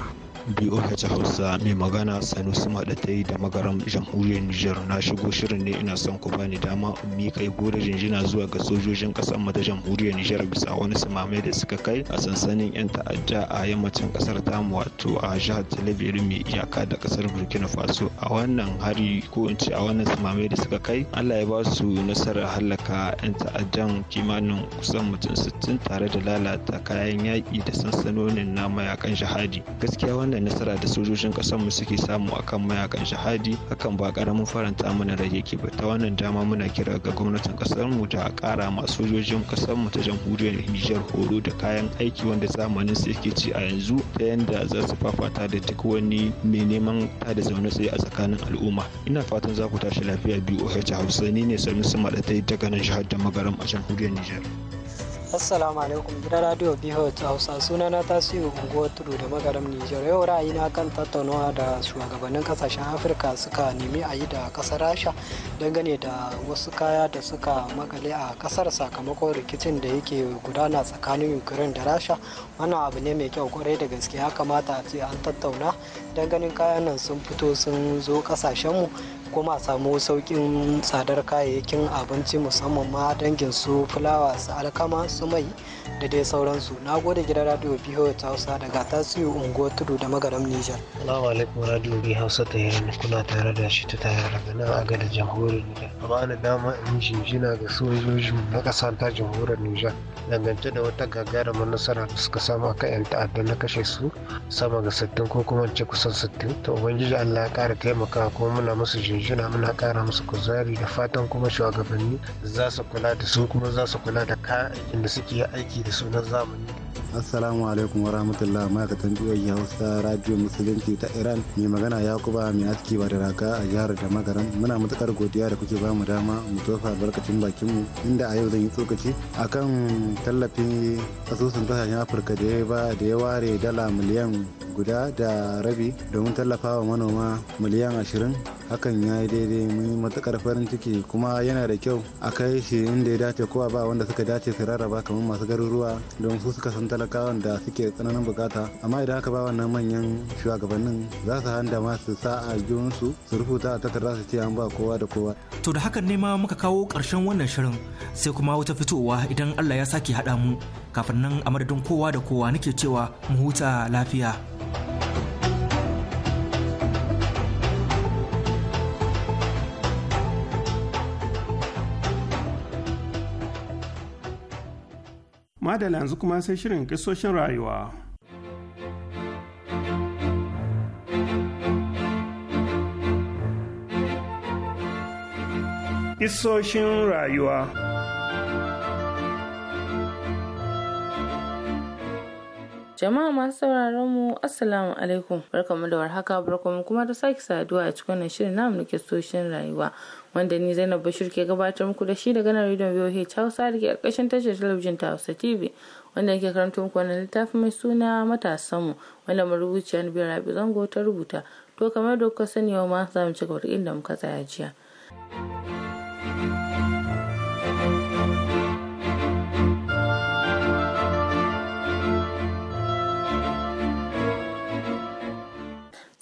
BOH Hausa mai magana Sanusi yi da magaram jamhuriyar Nijar na shigo shirin ne ina son ku bani dama in mi kai gore jinjina zuwa ga sojojin ƙasar mu jamhuriyar Nijar bisa wani sumame da suka kai a sansanin 'yan ta'adda a yammacin ƙasar tamu wato a jihar irin mai iyaka da ƙasar Burkina Faso a wannan hari ko in ce a wannan sumame da suka kai Allah ya ba su nasarar hallaka 'yan ta'addan kimanin kusan mutum 60 tare da lalata kayan yaƙi da sansanonin na mayakan jihadi gaskiya wannan nasara da sojojin kasar mu suke samu akan mayakan shahadi hakan ba karamin faranta mana rage yake ba ta wannan dama muna kira ga gwamnatin mu ta a kara ma sojojin mu ta jamhuriyar Nijar horo da kayan aiki wanda zamanin su yake ci a yanzu ta yanda za su fafata da duk wani mai neman ta da zaune tsaye a tsakanin al'umma ina fatan za ku tashi lafiya biyu BOH Hausa ni ne Sanusi Madatai daga nan jihar da magaram a jamhuriyar Nijar. assalamu alaikum gidan radio bihot hausa suna na tasiru unguwar tudu da magaram nijar yau ra'ayina kan tattaunawa da shugabannin kasashen afirka suka nemi a yi da kasar rasha dangane da wasu kaya da suka makale a kasar sakamakon rikicin da yake gudana tsakanin ukraine da rasha wannan abu ne mai kyau kwarai da gaske ya kamata a ce an tattauna danganin kayan nan sun fito sun zo kasashenmu kuma a samu sauƙin tsadar kayayyakin abinci musamman ma dangin su fulawa su alkama su mai da dai sauransu na gode gidan radio biyu ta hausa daga tasiri unguwa tudu da magaram nijar salamu alaikum radio biyu hausa ta yi kuna tare da shi ta tare daga nan a gada jamhuriyar nijar a ni dama in jinjina ga sojojin na ƙasa ta jamhuriyar nijar dangance da wata gagarumar nasara da suka samu a 'yan ta'adda na kashe su sama ga sittin ko kuma ce kusan sittin to ubangiji allah ya ƙara taimaka kuma muna musu jinjina yana muna kara musu kuzari da fatan kuma shugabanni za su kula da su kuma za su kula da kayayyakin da suke aiki da su na zamani assalamu alaikum rahmatullah ma'aikatan biyoyi hausa radio musulunci ta iran mai magana ya kuba mai aski ba da raka a jihar da magaran muna matukar godiya da kuke bamu dama mu tofa albarkacin mu inda a yau zan yi tsokaci a akan tallafin asusun kasashen afirka da ya ba da ya ware dala miliyan guda da rabi domin tallafa wa manoma miliyan ashirin hakan ya ya yi daidai mun yi matukar farin ciki kuma yana da kyau a kai shi inda ya dace kowa ba wanda suka dace su rarraba kamar masu garuruwa don su suka san talakawan da suke tsananin bukata amma idan aka ba wannan manyan shugabannin za su handa masu sa a su su rubuta a takarda su ce an ba kowa da kowa. to da hakan ne ma muka kawo ƙarshen wannan shirin sai kuma wata fitowa idan allah ya sake haɗa mu kafin nan a madadin kowa da kowa nake cewa mu huta lafiya. amma da yanzu kuma sai shirin kisoshin rayuwa. Kisoshin rayuwa Jama'a masu sauraron mu Assalamu alaikum barkamu da warhaka barkamu kuma da sake saduwa a cikin shirin namu na kisoshin rayuwa wanda ni Zainab Bashir ke gabatar muku da shi daga nan rediyon VOH Hausa da ke karkashin tashar talabijin ta Hausa TV wanda yake karanta muku wannan littafi mai suna matasanmu wanda marubuciya biyar Rabi Zango ta rubuta to kamar da kuka sani yau ma za mu ci gaba da inda muka tsaya jiya.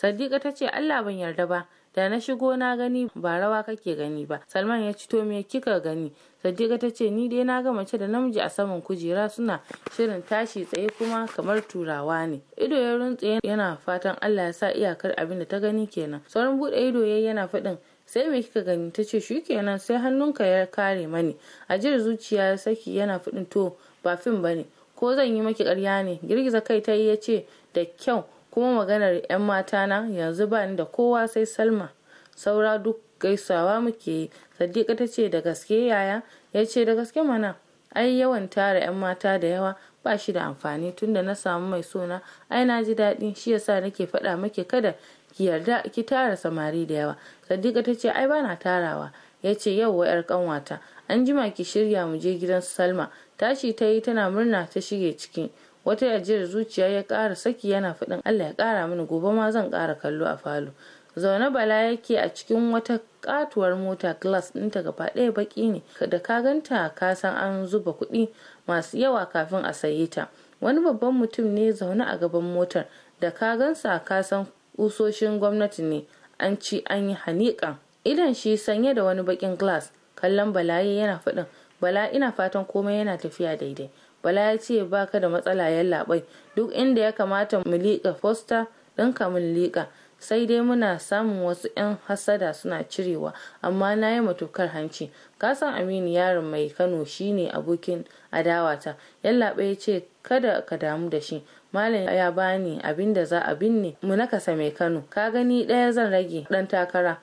Sadiqa ta ce Allah ban yarda ba da na shigo na gani ba rawa kake gani ba salman ya ci to me kika gani sadiqa ta ce ni dai na ga mace da namiji a saman kujera suna shirin tashi tsaye kuma kamar turawa ne ido ya runtse yana fatan allah ya sa iyakar abin da ta gani kenan sauran bude ido yayi yana faɗin sai me kika gani ta ce kenan sai hannunka ya kare mani ajiyar zuciya ya saki yana faɗin to ba fim bane ko zan yi maki ƙarya ne girgiza kai ta yi ya ce da kyau kuma maganar 'yan mata na yanzu ba da kowa sai salma saura duk gaisawa muke yi sadiqa ta ce da gaske yaya ya ce da gaske mana ai yawan tara 'yan mata da yawa ba shi da amfani tunda na samu mai sona ai na ji daɗi shi yasa nake faɗa maki kada ki yarda ki tara samari da yawa sadiqa ta ce ai ba na tarawa ya ce yau wa 'yar kanwata an jima ki shirya mu je gidan salma tashi ta yi tana murna ta shige ciki wata yajiyar zuciya ya kara saki yana faɗin allah ya kara mini gobe ma zan kara kallo a falo zaune bala yake a cikin wata katuwar mota glass ta gaba ɗaya baƙi ne da ka ganta ka san an zuba kuɗi masu yawa kafin a saye ta wani babban mutum ne zaune a gaban motar da ka gansa ka san usoshin gwamnati ne an ci an yi haniƙan idan shi sanye da wani bakin glass kallon balaye yana faɗin bala ina fatan komai yana tafiya daidai bala ya ce ba ka da matsala yallaɓai duk inda ya kamata mu liƙa fosta ka mun liƙa sai dai muna samun wasu 'yan hasada suna cirewa amma na yi matukar hanci kasan aminu yaron mai kano shine abokin adawata yallaɓai ya ce kada ka damu da shi malam ya bani abin da za a binne mu na kasa mai kano ka gani ɗaya zan rage ɗan takara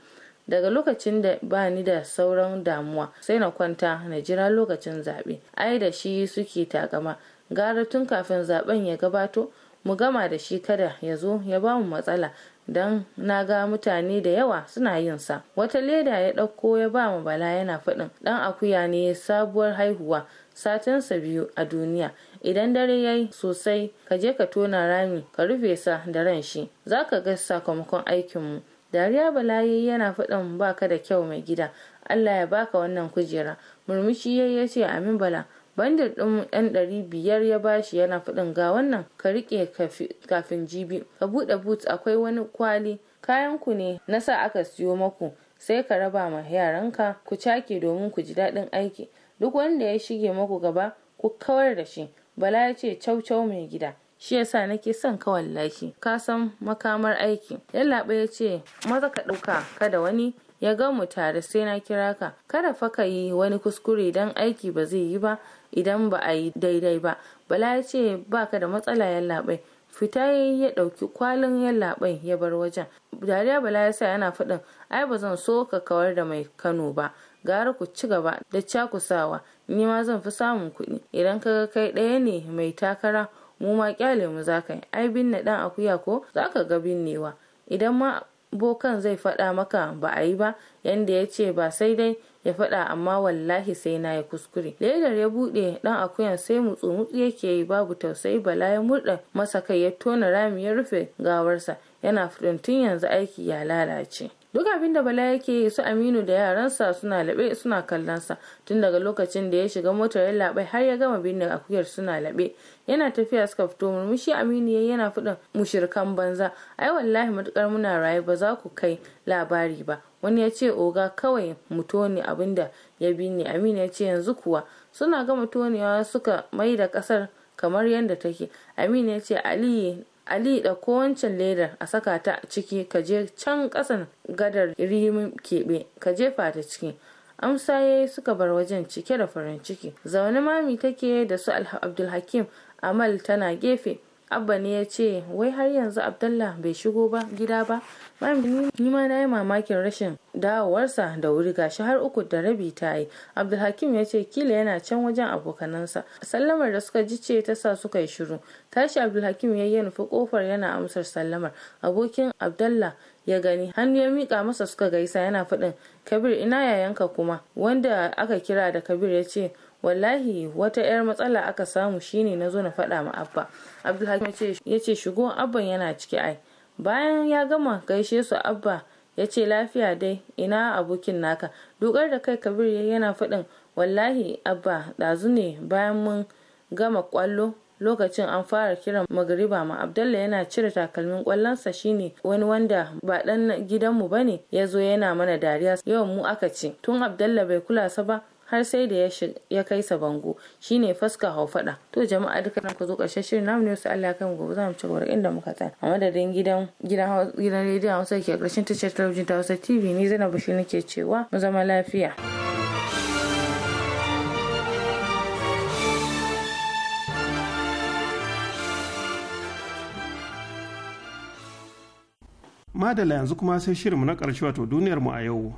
daga lokacin da ba ni da sauran damuwa sai na kwanta na jira lokacin zaɓe ai da shi suke takama gara tun kafin zaben ya gabato mu gama da shi kada ya zo ya bamu matsala don na ga mutane da yawa suna yin sa wata leda ya ɗauko ya ba mu bala yana faɗin ɗan akuya ne sabuwar haihuwa satinsa biyu a duniya idan dare ya yi sosai ka je ka tona rami ka rufe sa da ran shi za ka ga sakamakon aikinmu dariya bala yayi yana faɗin ka da kyau mai gida Allah ya baka wannan kujera murmushi yayi ya ce amin bala bandir ɗin ɗan ɗari biyar ya bashi yana faɗin ga wannan ka riƙe kafin jibi ka buɗe but akwai wani kwali kayan ku ne na sa aka siyo maku sai ka raba ma yaranka ku cake domin ku ji daɗin aiki duk wanda ya shige maku gaba ku kawar da shi bala ya ce cau mai gida shi yasa nake son ka wallaki ka san makamar aiki yallaɓa ya ce maza ka ɗauka kada wani ya ga mu tare sai na kira ka kada fa ka yi wani kuskure dan aiki ba zai yi ba idan ba a yi daidai ba bala ya ce baka da matsala yallabai. fita ya ya ɗauki kwalin yallaɓai ya bar wajen dariya bala ya sa yana faɗin ai ba zan so ka kawar da mai kano ba gara ku ci gaba da cakusawa ni ma zan fi samun kuɗi idan kaga kai ɗaya ne mai takara mu ma kyale mu za ka yi ai binne dan akuya ko za ka ga binnewa idan ma bokan zai faɗa maka ba a yi ba yanda ya ce ba sai dai ya faɗa amma wallahi sai na ya kuskure ledar ya buɗe dan akuyan sai mutsu mutsu yake yi babu tausayi bala ya murɗa masa kai ya tona rami ya rufe gawarsa yana fudun tun yanzu aiki ya lalace duk abin da bala yake su aminu da yaransa suna laɓe suna kallonsa tun daga lokacin da ya shiga motar ya laɓe har ya gama binne akuyar suna laɓe yana tafiya suka fito murmushi aminu ya yana fudin mushirkan banza ai wallahi matukar muna raye ba za ku kai labari ba wani ya ce oga kawai muto ne abinda ya binne aminu ya ce yanzu kuwa suna gama tonewa suka mai da kasar kamar yadda take aminu ya ce aliyu ali ɗauko wancan ledar a saka ta ciki ka je can ƙasan gadar rimin keɓe ka jefa ta ciki amsa ya yi suka bar wajen cike da farin ciki zaune mami take da su abdulhakim amal tana gefe abba ne ya ce wai har yanzu abdallah bai shigo ba gida ba mami ni ma na yi mamakin rashin dawowarsa da wuri gashi har uku da rabi ta yi abdulhakim ya ce kila yana can wajen abokanansa sallamar da suka ji ce ta sa suka yi shiru tashi abdulhakim ya yi nufi kofar yana amsar sallamar abokin abdallah ya gani hannu ya mika masa suka gaisa yana faɗin kabir ina yayanka kuma wanda aka kira da kabir ya ce wallahi wata yar matsala aka samu shine na zo na faɗa ma abba abdulhakim ya ce shigo abban yana ciki ai bayan ya gama gaishe su abba ya ce lafiya dai ina abokin naka dukar da kai kabir yana faɗin wallahi abba ɗazu ne bayan mun gama kwallo lokacin an fara kiran magariba ma Abdullahi yana cire takalmin kwallonsa shine wani wanda ba dan gidanmu bane ya zo yana mana dariya yawan mu aka ce tun Abdullahi bai kula sa ba har sai da ya kai sa bango shine fuska hau fada to jama'a duka nan ku zo ƙarshen shirin namu ne su Allah kan gobe za mu ci gaba inda muka tsaya a madadin gidan gidan gidan rediyon Hausa ke ƙarshen tashar talabijin ta Hausa TV ni Zainab shi nake cewa mu zama lafiya. Madala yanzu kuma sai shirinmu na ƙarshe wato duniyarmu a yau.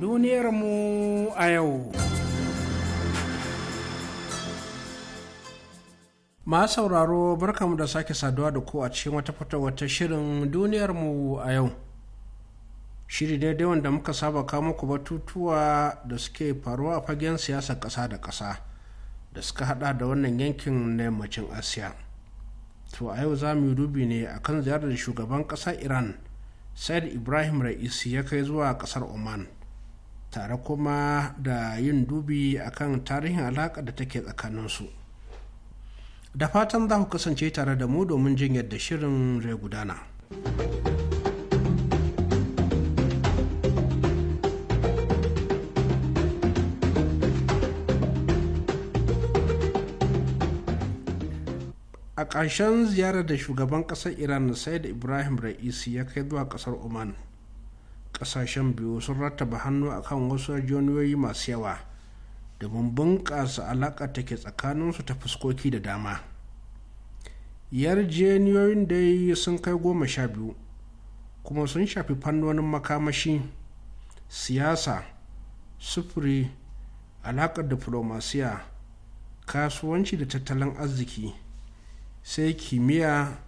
duniyarmu a yau. Ma sauraro barkamu da sake saduwa da ku a cikin wata fata wata shirin duniyarmu a yau. Shiri daidai wanda muka saba kama ku batutuwa da suke faruwa a fagen siyasar ƙasa da ƙasa da suka hada da wannan yankin na yammacin Asiya. To a yau za mu yi dubi ne akan ziyarar shugaban ƙasar Iran, Said Ibrahim Ra'isi ya kai zuwa ƙasar Oman. tare kuma da yin dubi akan tarihin alaƙa da take tsakaninsu da fatan za ku kasance tare da mu domin jin yadda shirin zai gudana a ƙarshen ziyarar da shugaban ƙasar iran sai da ibrahim ra'isi ya kai zuwa ƙasar oman kasashen biyu sun rattaba hannu a kan wasu joniyoyi masu yawa domin bunƙasa alaƙa take tsakaninsu ta fuskoki da dama yarjeniyoyin da sun kai goma sha biyu kuma sun shafi fannonin makamashi siyasa sufuri alaƙar diflomasiya kasuwanci da tattalin arziki sai kimiyya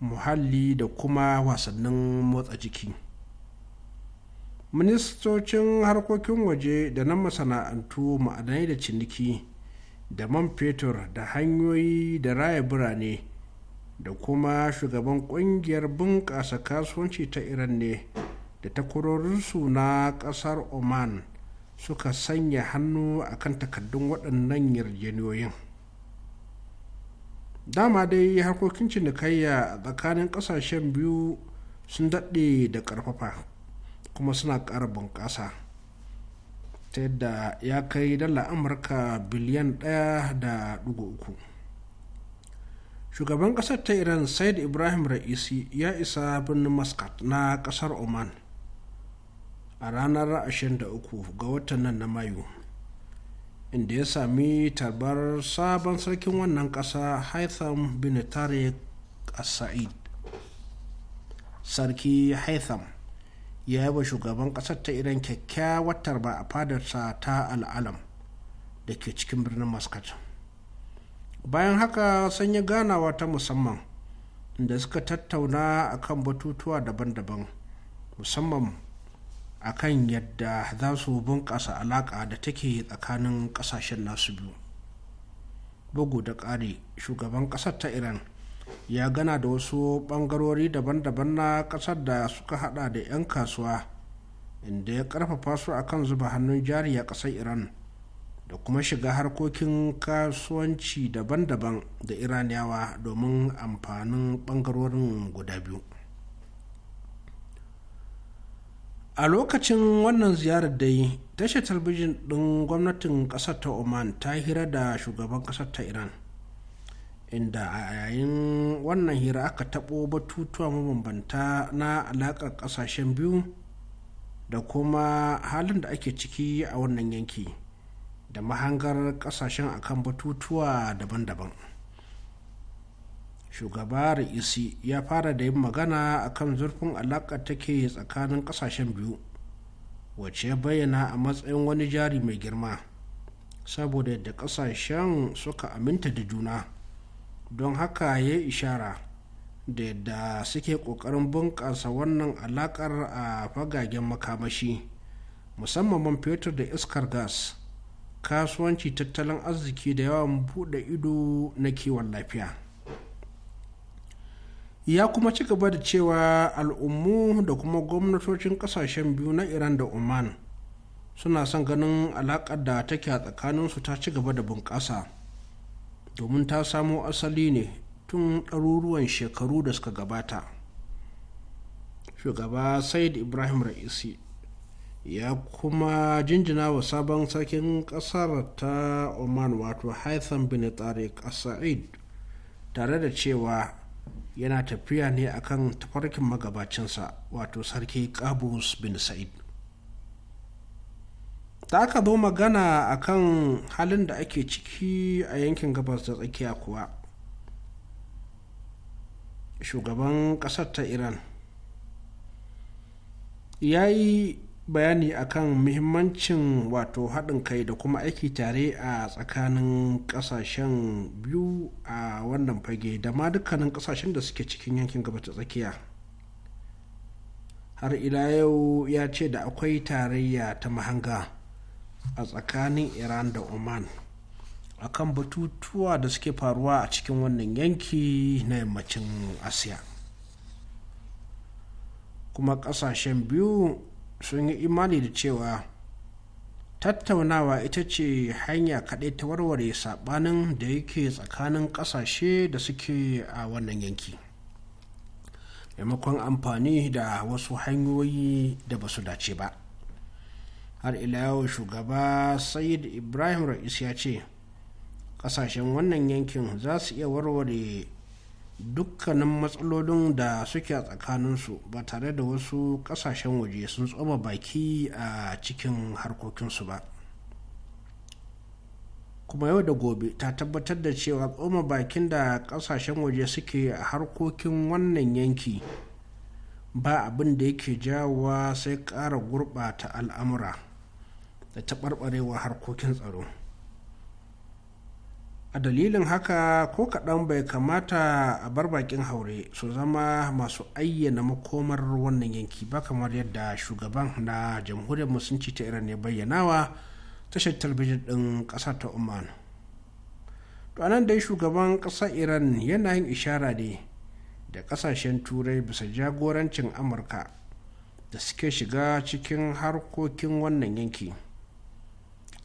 muhalli da kuma wasannin motsa jiki ministocin harkokin waje da na masana'antu ma'adanai da ciniki da man fetur da hanyoyi da raya birane da kuma shugaban kungiyar bunƙasa kasuwanci ta iran ne da takwarorinsu na ƙasar oman suka sanya hannu a kan takaddun waɗannan yarjejeniyoyin dama dai harkokin cinikayya tsakanin ƙasashen biyu sun daɗe da ƙarfafa kuma suna ƙara bunƙasa ta yadda ya kai dala amurka biliyan ɗaya da ɗigo uku shugaban ƙasar ta iran said ibrahim ra'isi ya isa birnin muscat na ƙasar oman a ranar 23 ga watan nan na mayu inda ya sami tarbar sabon sarkin wannan ƙasa haitham bin tariq as-sa'id sarki haitham ya yi wa shugaban ƙasar ta iran kyakkyawar tarba a fadarsa ta al'alam da ke cikin birnin muscat bayan haka sun yi ganawa ta musamman da suka tattauna akan batutuwa daban-daban musamman akan yadda za su bunƙasa alaƙa da take tsakanin ƙasashen nasu biyu bugu da ƙari shugaban ƙasar ta iran ya gana da wasu bangarori daban-daban na kasar da suka hada da 'yan kasuwa inda ya karfafa su akan zuba hannun jari a kasar iran da kuma shiga harkokin kasuwanci daban-daban da iraniyawa domin amfanin bangarorin guda biyu a lokacin wannan ziyarar dai tashar talbijin ɗin gwamnatin ƙasar ta oman ta hira da shugaban ƙasar ta iran inda a yayin wannan hira aka taɓo batutuwa mabambanta na alaƙar ƙasashen biyu da kuma halin da ake ciki a wannan yanki da mahangar ƙasashen akan batutuwa daban-daban shugaba isi ya fara da yin magana akan zurfin alaƙa take tsakanin ƙasashen biyu wacce ya bayyana a matsayin wani jari mai girma saboda yadda ƙasashen suka aminta da juna don haka ya ishara da yadda suke ƙoƙarin bunƙasa wannan alaƙar a fagagen makamashi musamman man fetur da iskar gas kasuwanci tattalin arziki da yawan buɗe ido na kiwon lafiya ya kuma ci gaba da cewa al'ummu da kuma gwamnatocin ƙasashen biyu na iran da oman suna son ganin alaƙar da take a tsakaninsu ta ci gaba da bunƙasa. domin ta samo asali ne tun ɗaruruwan shekaru da suka gabata shugaba said ibrahim ra'isi ya kuma jinjina wa sabon sarkin ƙasar ta oman wato haitham bin tariq asa'id tare da cewa yana tafiya ne akan tafarkin magabacinsa wato sarki qabus bin sa'id ta aka zo magana a kan halin da ake ciki a yankin gabas da tsakiya kuwa shugaban ƙasar ta iran ya yi bayani a kan muhimmancin wato haɗin kai da kuma aiki tare a tsakanin ƙasashen biyu a wannan fage da ma dukkanin ƙasashen da suke cikin yankin gabas ta tsakiya har ila yau ya ce da akwai tarayya ta mahanga a tsakanin iran da oman akan batutuwa da suke faruwa a cikin wannan yanki na yammacin asiya kuma kasashen biyu sun yi imani da cewa tattaunawa ita ce hanya kaɗai ta warware saɓanin da yake tsakanin ƙasashe da suke a wannan yanki maimakon amfani da wasu hanyoyi da ba su dace ba har ila yau shugaba sayid ibrahim ra'is ya ce kasashen wannan yankin za su iya warware dukkanin matsalolin da suke a tsakaninsu ba tare da wasu kasashen waje sun tsoma baki a cikin harkokinsu ba kuma yau da gobe ta tabbatar da cewa tsoma bakin da kasashen waje suke a harkokin wannan yanki ba abin da yake jawowa sai ƙara gurɓata al'amura da taɓarɓarewa harkokin tsaro a dalilin haka ko kaɗan bai kamata a bar bakin haure su zama masu ayyana makomar wannan yanki ba kamar yadda shugaban na jamhuriyar musulunci ta iran ne bayyanawa tashar talbijin ɗin ƙasa ta oman to anan dai shugaban ƙasar iran yana yin ishara ne da ƙasashen turai bisa jagorancin amurka da suke shiga cikin harkokin wannan yanki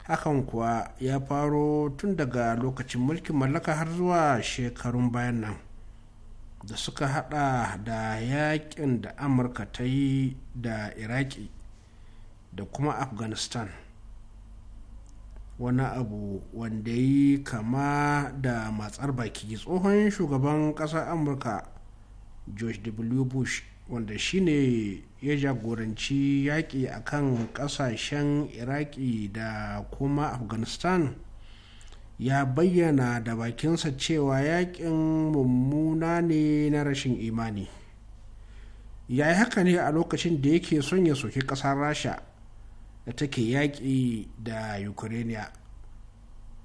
hakan kuwa ya faro tun daga lokacin mulkin mallaka har zuwa shekarun bayan nan da suka hada da yakin da amurka ta yi da iraki da kuma afghanistan wani abu wanda yi kama da matsar baki tsohon shugaban ƙasar amurka george w bush wanda shine ya jagoranci yaƙi a kan ƙasashen iraki da kuma afghanistan ya bayyana da bakinsa cewa yaƙin mummuna ne na rashin imani ya yi haka ne a lokacin da yake son ya soki ƙasar rasha da take yaƙi da ukraine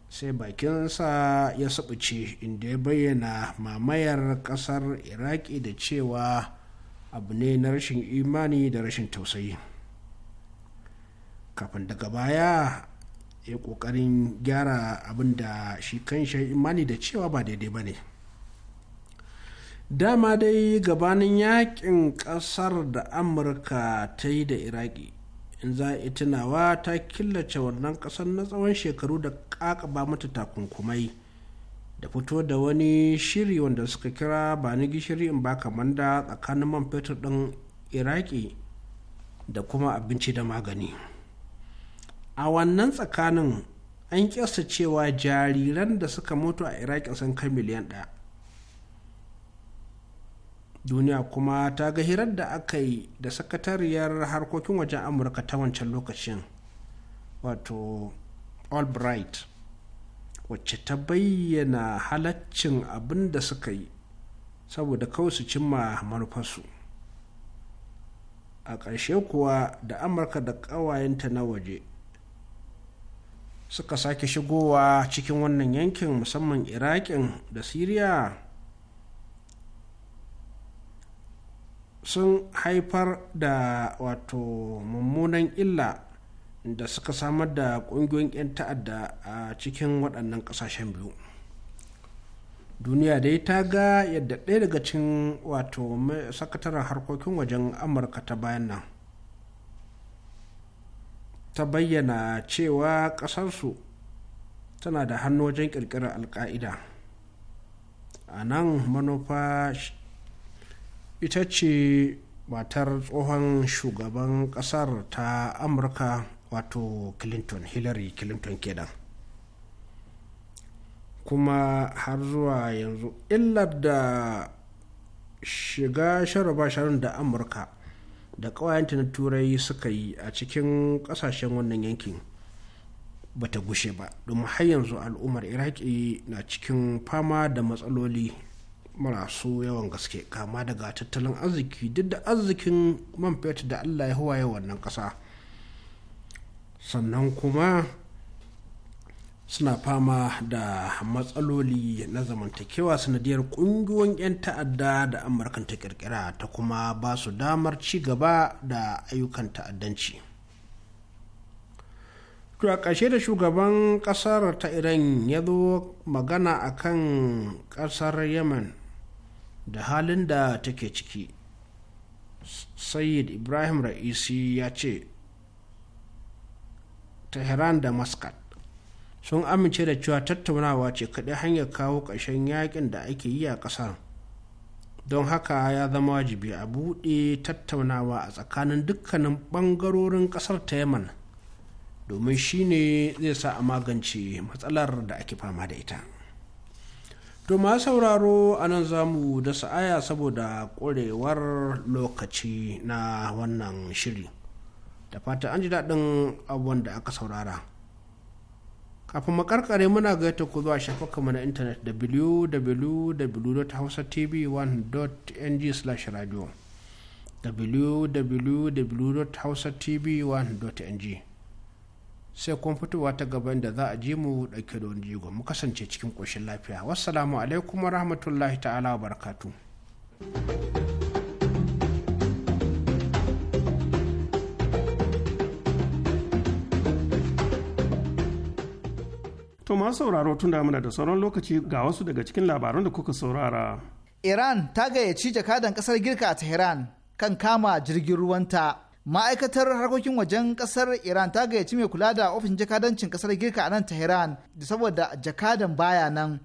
sai bakinsa ya saɓuce inda ya bayyana mamayar ƙasar iraki da cewa abu ne na rashin imani da rashin tausayi kafin daga baya ya ƙoƙarin gyara abin da shi shan imani da cewa ba daidai ba ne dama dai gabanin yakin ƙasar da amurka ta yi da iraki in za a tunawa ta killace wannan ƙasar na tsawon shekaru da ƙaƙaba mata takunkumai da fito da wani shiri wanda suka kira ba ni gishiri in ba kamar da tsakanin man fetur ɗin iraki da kuma abinci da magani a wannan tsakanin an kyasta cewa jariran da suka mutu a iraki sun kai miliyan ɗaya duniya kuma ta ga hirar da aka yi da sakatariyar harkokin wajen amurka ta wancan lokacin wato albright wacce ta bayyana halaccin abin da suka yi saboda kawai su cimma manufarsu a ƙarshe kuwa da amurka da ƙawayenta na waje suka sake shigowa cikin wannan yankin musamman iraƙin da siriya sun haifar da wato mummunan illa da suka samar da ƙungiyoyin 'yan ta'adda a cikin waɗannan ƙasashen biyu duniya dai ta ga yadda ɗaya daga cikin wato sakataren harkokin wajen amurka ta bayan nan ta bayyana cewa ƙasarsu tana da hannu wajen ƙirƙirar alƙa'ida a nan manufa ita ce matar tsohon shugaban ƙasar ta amurka wato clinton hillary clinton kenan kuma har zuwa yanzu illar da shiga sharaba sharon da amurka da ƙawayenta na turai suka yi a cikin ƙasashen wannan yankin ba ta gushe ba domin har yanzu al'ummar iraki na cikin fama da matsaloli marasu yawan gaske kama daga tattalin arziki duk da arzikin man fetur da allah ya huwaye wannan kasa. sannan kuma suna fama da matsaloli na zamantakewa sanadiyar kungiyoyin 'yan ta'adda da amurkan ta kirkira ta kuma ba su damar ci gaba da ayyukan ta'addanci to a ƙarshe da shugaban ƙasar ta iran ya zo magana a kan ƙasar yemen da halin da take ciki sayyid ibrahim ra'isi ya ce tehran da muscat sun amince da cewa tattaunawa ce kaɗai hanyar kawo ƙarshen yakin da ake yi a ƙasar don haka ya zama wajibi a buɗe tattaunawa a tsakanin dukkanin ɓangarorin ƙasar ta yaman domin shi ne zai sa a magance matsalar da ake fama da ita to ma sauraro a nan za mu da sa'aya saboda ƙwarewar lokaci na wannan shiri. da fata an ji daɗin abubuwan da aka saurara kafin makarkare muna gaita ku zuwa shafukanmu na intanet www.hausatv1.ng/radio www.hausatv1.ng sai kuma fitowa ta gaba inda za a ji mu ɗauke da wani jigo mu kasance cikin ƙoshin lafiya wassalamu alaikum wa rahmatullahi ta'ala wa barakatu. masu sauraro tun da muna da sauran lokaci ga wasu daga cikin labaran da kuka saurara. Iran ta gayyaci jakadan kasar Girka a Tehran kan kama jirgin ruwanta. Ma'aikatar harkokin wajen kasar Iran ta gayyaci mai kula da ofishin jakadancin kasar Girka a nan Tehran da saboda jakadan baya nan.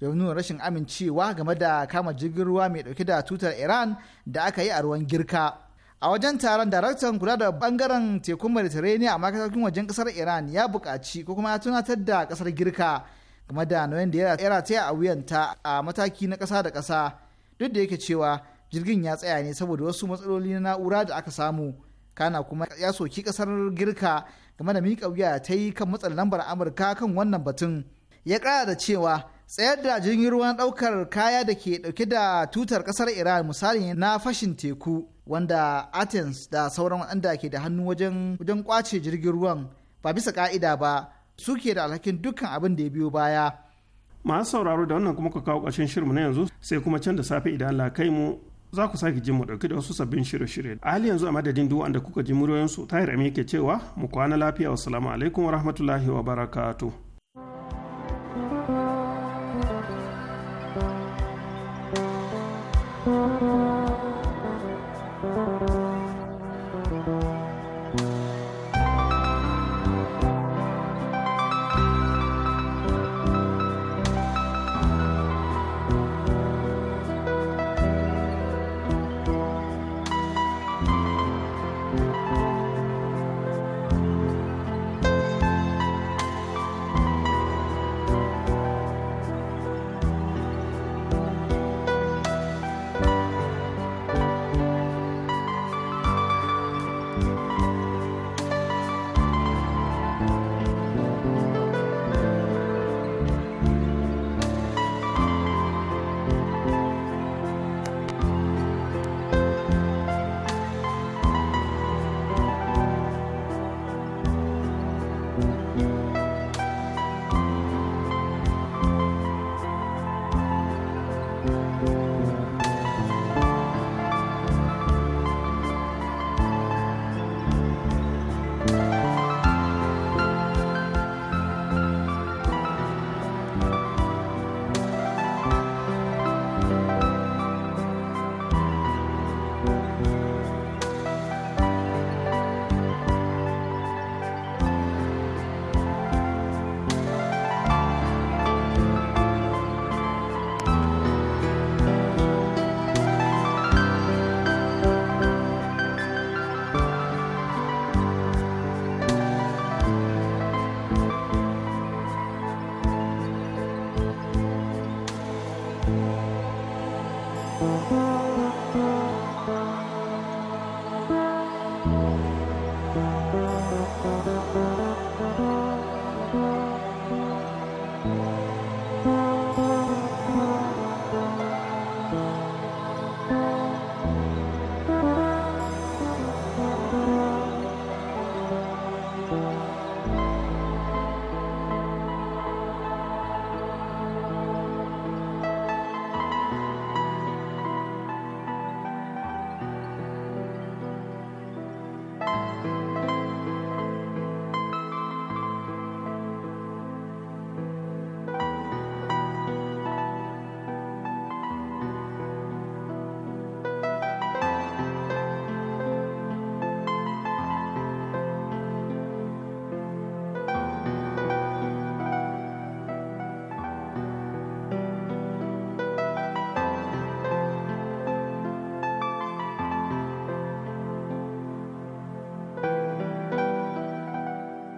Domin nuna rashin amincewa game da kama jirgin ruwa mai dauke da tutar Iran da aka yi a ruwan Girka. a wajen taron daraktan kula da bangaren tekun mediterranean a makasarkin wajen kasar iran ya buƙaci ko kuma ya tunatar da kasar girka game da nauyin da ya rataya a wuyanta a mataki na ƙasa da ƙasa duk da yake cewa jirgin ya tsaya ne saboda wasu matsaloli na na'ura da aka samu kana kuma ya soki kasar girka game da miƙa wuya ta yi kan matsalar lambar amurka kan wannan batun ya kara da cewa tsayar da jirgin ruwan daukar kaya da ke dauke da tutar kasar iran misali na fashin teku wanda athens da sauran waɗanda ke da hannu wajen wajen kwace jirgin ruwan ba bisa ka'ida ba suke da alhakin dukkan abin da ya biyo baya masu sauraro da wannan kuma ka kawo ƙarshen shirmu na yanzu sai kuma can da safe idan Allah kai mu za ku sake jin mu dauke da wasu sabbin shirye-shirye a hali yanzu a madadin duk wanda kuka ji muryoyinsu tahir ke cewa mu kwana lafiya wasalamu alaikum wa rahmatullahi wa barakatu.